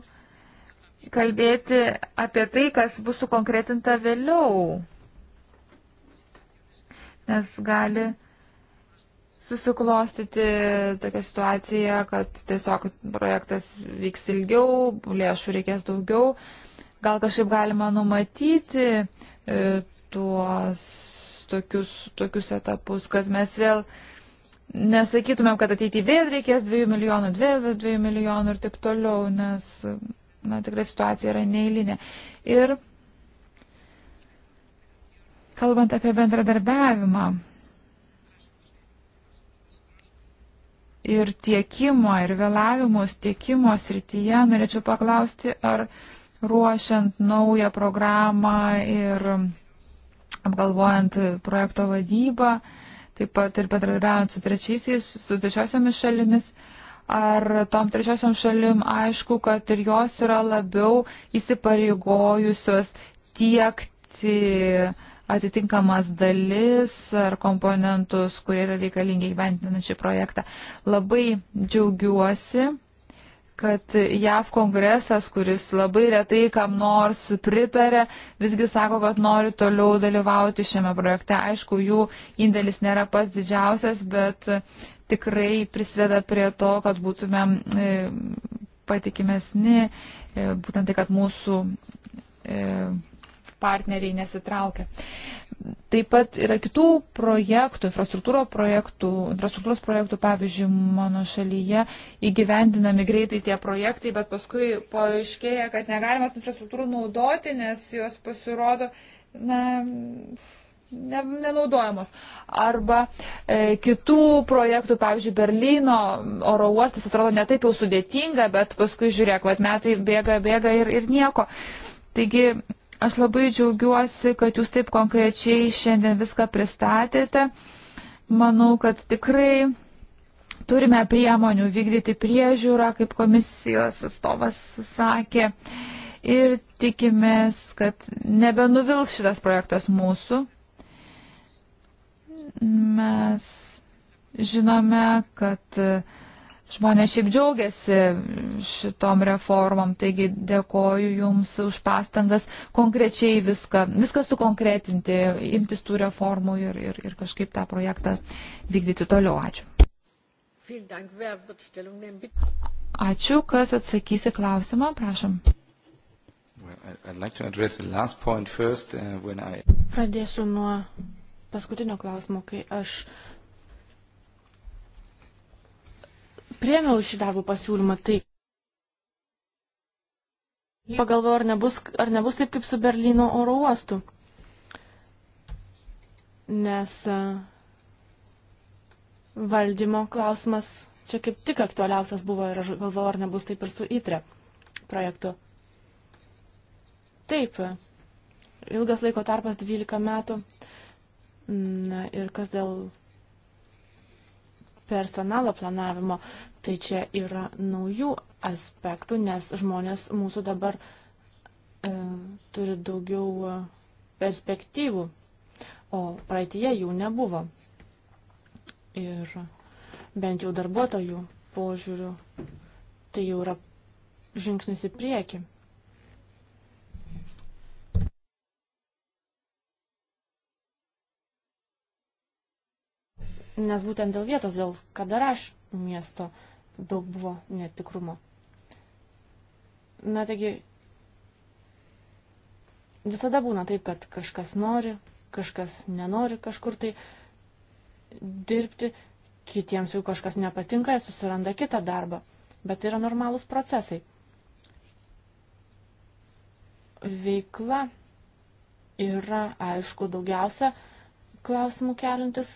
kalbėti apie tai, kas bus sukonkretinta vėliau. Nes gali susiklostyti tokia situacija, kad tiesiog projektas vyks ilgiau, lėšų reikės daugiau. Gal kažkaip galima numatyti e, tuos tokius, tokius etapus, kad mes vėl nesakytumėm, kad ateityje vėl reikės 2 milijonų, vėl 2 milijonų ir taip toliau, nes na, tikrai situacija yra neįlinė. Ir kalbant apie bendradarbiavimą ir tiekimo, ir vėlavimus tiekimo srityje, norėčiau paklausti, ar ruošiant naują programą ir apgalvojant projekto vadybą, taip pat ir bendradarbiaujant su, su trečiosiomis šalimis, ar tom trečiosiam šalim aišku, kad ir jos yra labiau įsipareigojusios tiekti atitinkamas dalis ar komponentus, kurie yra reikalingi įgyventinant šį projektą. Labai džiaugiuosi kad JAV kongresas, kuris labai retai kam nors pritarė, visgi sako, kad nori toliau dalyvauti šiame projekte. Aišku, jų indėlis nėra pats didžiausias, bet tikrai prisideda prie to, kad būtume patikimesni, e, būtent tai, kad mūsų e, partneriai nesitraukia. Taip pat yra kitų projektų, infrastruktūros projektų, infrastruktūros projektų, pavyzdžiui, mano šalyje įgyvendinami greitai tie projektai, bet paskui paaiškėja, kad negalima tų infrastruktūrų naudoti, nes jos pasirodo, na, ne, nenaudojamos. Arba e, kitų projektų, pavyzdžiui, Berlyno oro uostas atrodo netaip jau sudėtinga, bet paskui žiūrėk, vat metai bėga, bėga ir, ir nieko. Taigi aš labai džiaugiuosi, kad jūs taip konkrečiai šiandien viską pristatėte. Manau, kad tikrai turime priemonių vykdyti priežiūrą, kaip komisijos atstovas sakė. Ir tikimės, kad nebenuvils šitas projektas mūsų, Mes žinome, kad žmonės šiaip džiaugiasi šitom reformom, taigi dėkoju Jums už pastangas konkrečiai viską, viską sukonkretinti, imtis tų reformų ir, ir, ir kažkaip tą projektą vykdyti toliau. Ačiū. Ačiū, kas atsakysi klausimą, prašom. Well, I, like first, uh, I... Pradėsiu nuo paskutinio klausimo, kai aš priemiau šį darbo pasiūlymą, tai pagalvojau, ar nebus, ar nebus taip kaip su Berlyno oro uostu. Nes e, valdymo klausimas čia kaip tik aktualiausias buvo ir aš galvoju, ar nebus taip ir su ITRE projektu. Taip, e, ilgas laiko tarpas 12 metų. Na ir kas dėl personalo planavimo, tai čia yra naujų aspektų, nes žmonės mūsų dabar e, turi daugiau e, perspektyvų, o praeitie jų nebuvo. Ir bent jau darbuotojų požiūrių tai jau yra žingsnis į priekį. nes būtent dėl vietos, dėl Kadaraš miesto daug buvo netikrumo. Na taigi, visada būna taip, kad kažkas nori, kažkas nenori kažkur tai dirbti, kitiems jau kažkas nepatinka, jie susiranda kitą darbą. Bet yra normalūs procesai. Veikla yra, aišku, daugiausia klausimų kelintis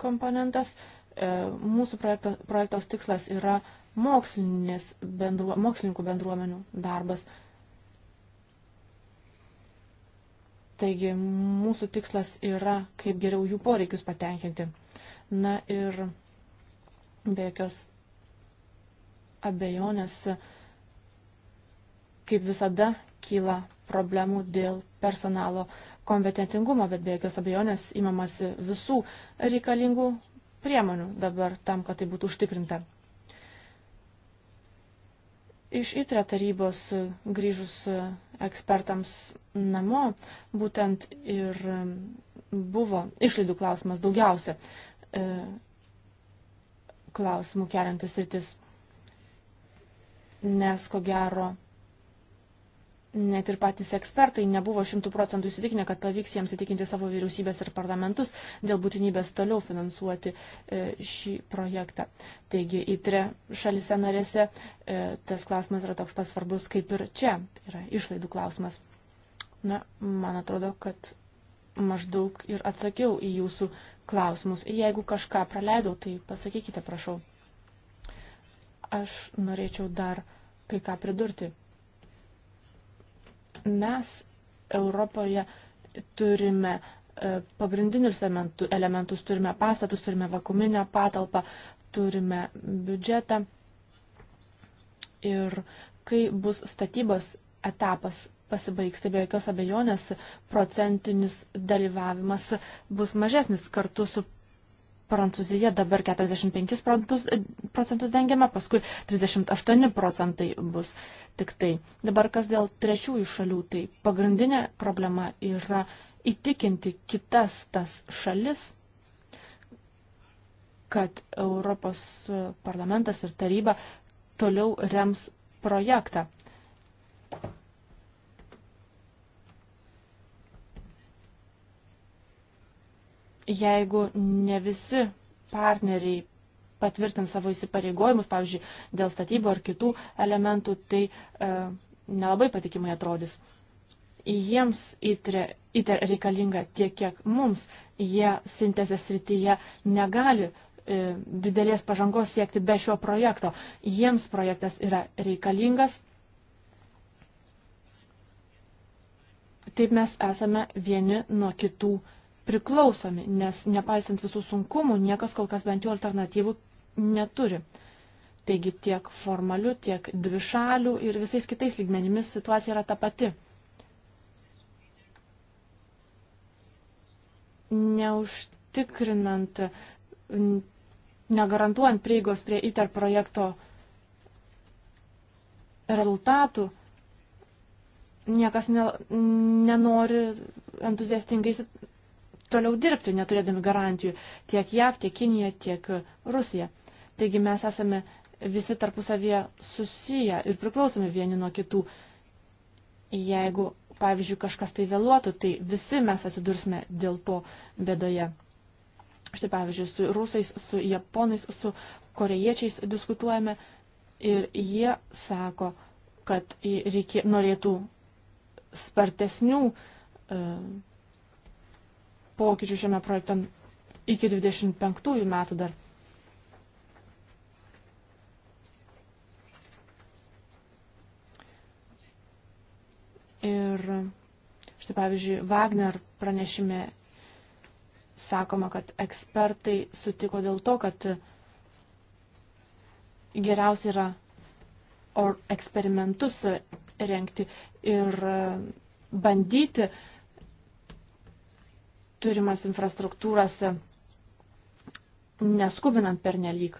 komponentas. E, mūsų projekto, projektos tikslas yra bendruo, mokslininkų bendruomenių darbas. Taigi mūsų tikslas yra, kaip geriau jų poreikius patenkinti. Na ir be jokios abejonės, kaip visada, kyla problemų dėl personalo uh, kompetentingumo, bet be jokios abejonės imamasi visų reikalingų priemonių dabar tam, kad tai būtų užtikrinta. Iš įtrio tarybos grįžus ekspertams namo būtent ir buvo išlaidų klausimas daugiausia e, klausimų keliantis rytis, nes ko gero net ir patys ekspertai nebuvo šimtų procentų įsitikinę, kad pavyks jiems įtikinti savo vyriausybės ir parlamentus dėl būtinybės toliau finansuoti e, šį projektą. Taigi į tre šalise narėse e, tas klausimas yra toks pasvarbus kaip ir čia, tai yra išlaidų klausimas. Na, man atrodo, kad maždaug ir atsakiau į jūsų klausimus. Jeigu kažką praleidau, tai pasakykite, prašau. Aš norėčiau dar kai ką pridurti. Mes Europoje turime e, pagrindinius elementus, turime pastatus, turime vakuminę patalpą, turime biudžetą. Ir kai bus statybos etapas pasibaigs, tai be jokios abejonės procentinis dalyvavimas bus mažesnis kartu su Prancūzija dabar 45 e, procentus dengiama, paskui 38 procentai bus tik tai. Dabar kas dėl trečiųjų šalių, tai pagrindinė problema yra įtikinti kitas tas šalis, kad Europos parlamentas ir taryba toliau rems projektą. jeigu ne visi partneriai patvirtins savo įsipareigojimus, pavyzdžiui, dėl statybų ar kitų elementų, tai e, nelabai patikimai atrodys. Jiems įtre, įtre reikalinga tiek, kiek mums, jie sintezės rytyje negali e, didelės pažangos siekti be šio projekto. Jiems projektas yra reikalingas. Taip mes esame vieni nuo kitų priklausomi, nes nepaisant visų sunkumų, niekas kol kas bent jau alternatyvų neturi. Taigi tiek formalių, tiek dvišalių ir visais kitais lygmenimis situacija yra ta pati. Neužtikrinant, negarantuojant prieigos prie ITER projekto rezultatų, niekas ne, nenori entuziastingai toliau dirbti, neturėdami garantijų tiek JAV, tiek Kinija, tiek Rusija. Taigi mes esame visi tarpusavėje susiję ir priklausomi vieni nuo kitų. Jeigu, pavyzdžiui, kažkas tai vėluotų, tai visi mes atsidursime dėl to bėdoje. Štai, pavyzdžiui, su rusais, su japonais, su korejiečiais diskutuojame ir jie sako, kad reikė, norėtų spartesnių uh, pokyčių šiame projekte iki 25 metų dar. Ir štai pavyzdžiui, Wagner pranešime sakoma, kad ekspertai sutiko dėl to, kad geriausia yra eksperimentus rengti ir bandyti uh, turimas infrastruktūras, e, neskubinant pernelyg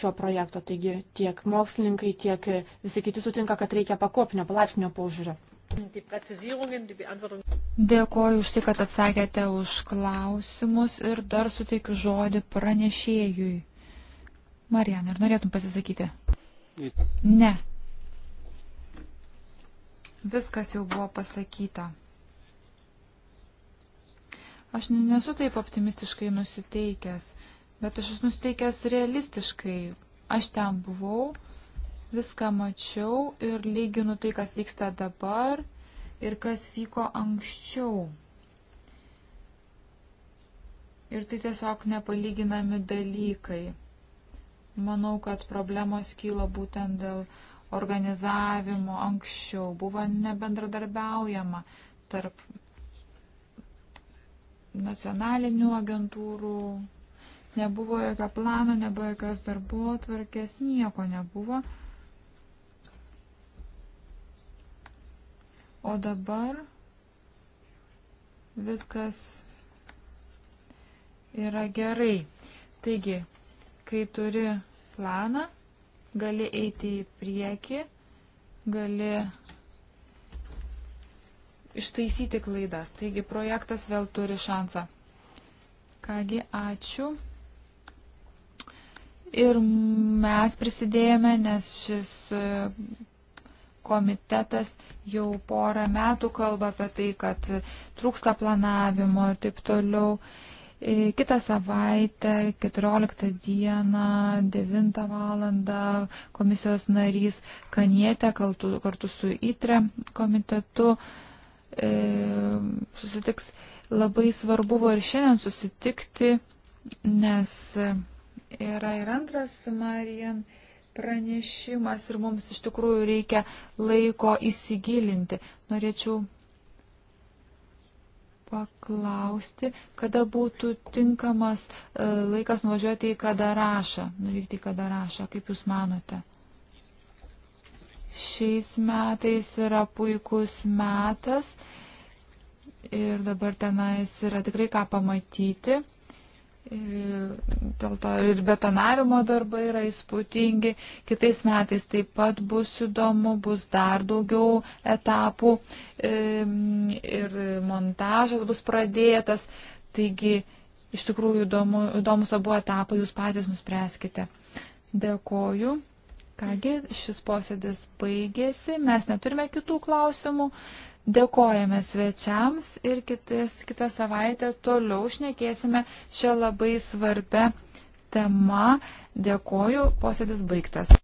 šio projekto. Taigi tiek mokslininkai, tiek visi kiti sutinka, kad reikia pakopinio, palaipsnio paužiūrio. Dėkoju už tai, kad atsakėte už klausimus ir dar suteikiu žodį pranešėjui. Marijan, ar norėtum pasisakyti? Ne. Viskas jau buvo pasakyta. Aš nesu taip optimistiškai nusiteikęs, bet aš esu nusiteikęs realistiškai. Aš ten buvau, viską mačiau ir lyginu tai, kas vyksta dabar ir kas vyko anksčiau. Ir tai tiesiog nepalyginami dalykai. Manau, kad problemos kyla būtent dėl organizavimo anksčiau. Buvo nebendradarbiaujama tarp nacionalinių agentūrų, nebuvo jokio plano, nebuvo jokios darbo tvarkės, nieko nebuvo. O dabar viskas yra gerai. Taigi, kai turi planą, gali eiti į priekį, gali ištaisyti klaidas. Taigi projektas vėl turi šansą. Kągi, ačiū. Ir mes prisidėjome, nes šis e, komitetas jau porą metų kalba apie tai, kad trūksta planavimo ir taip toliau. E, kitą savaitę, 14 dieną, 9 val. komisijos narys Kanietė kartu, kartu su ITRE komitetu e, susitiks. Labai svarbu buvo ir šiandien susitikti, nes yra ir antras Marijan pranešimas ir mums iš tikrųjų reikia laiko įsigilinti. Norėčiau paklausti, kada būtų tinkamas e, laikas nuvažiuoti į Kadarašą, nuvykti į Kadarašą, kaip Jūs manote? šiais metais yra puikus metas ir dabar tenais yra tikrai ką pamatyti. Dėl to ir betonavimo darbai yra įspūdingi. Kitais metais taip pat bus įdomu, bus dar daugiau etapų ir montažas bus pradėtas. Taigi, iš tikrųjų, įdomu, įdomus abu etapai, jūs patys nuspręskite. Dėkoju. Kągi, šis posėdis baigėsi, mes neturime kitų klausimų. Dėkojame svečiams ir kitas, kitą savaitę toliau šnekėsime šią labai svarbę temą. Dėkoju, posėdis baigtas.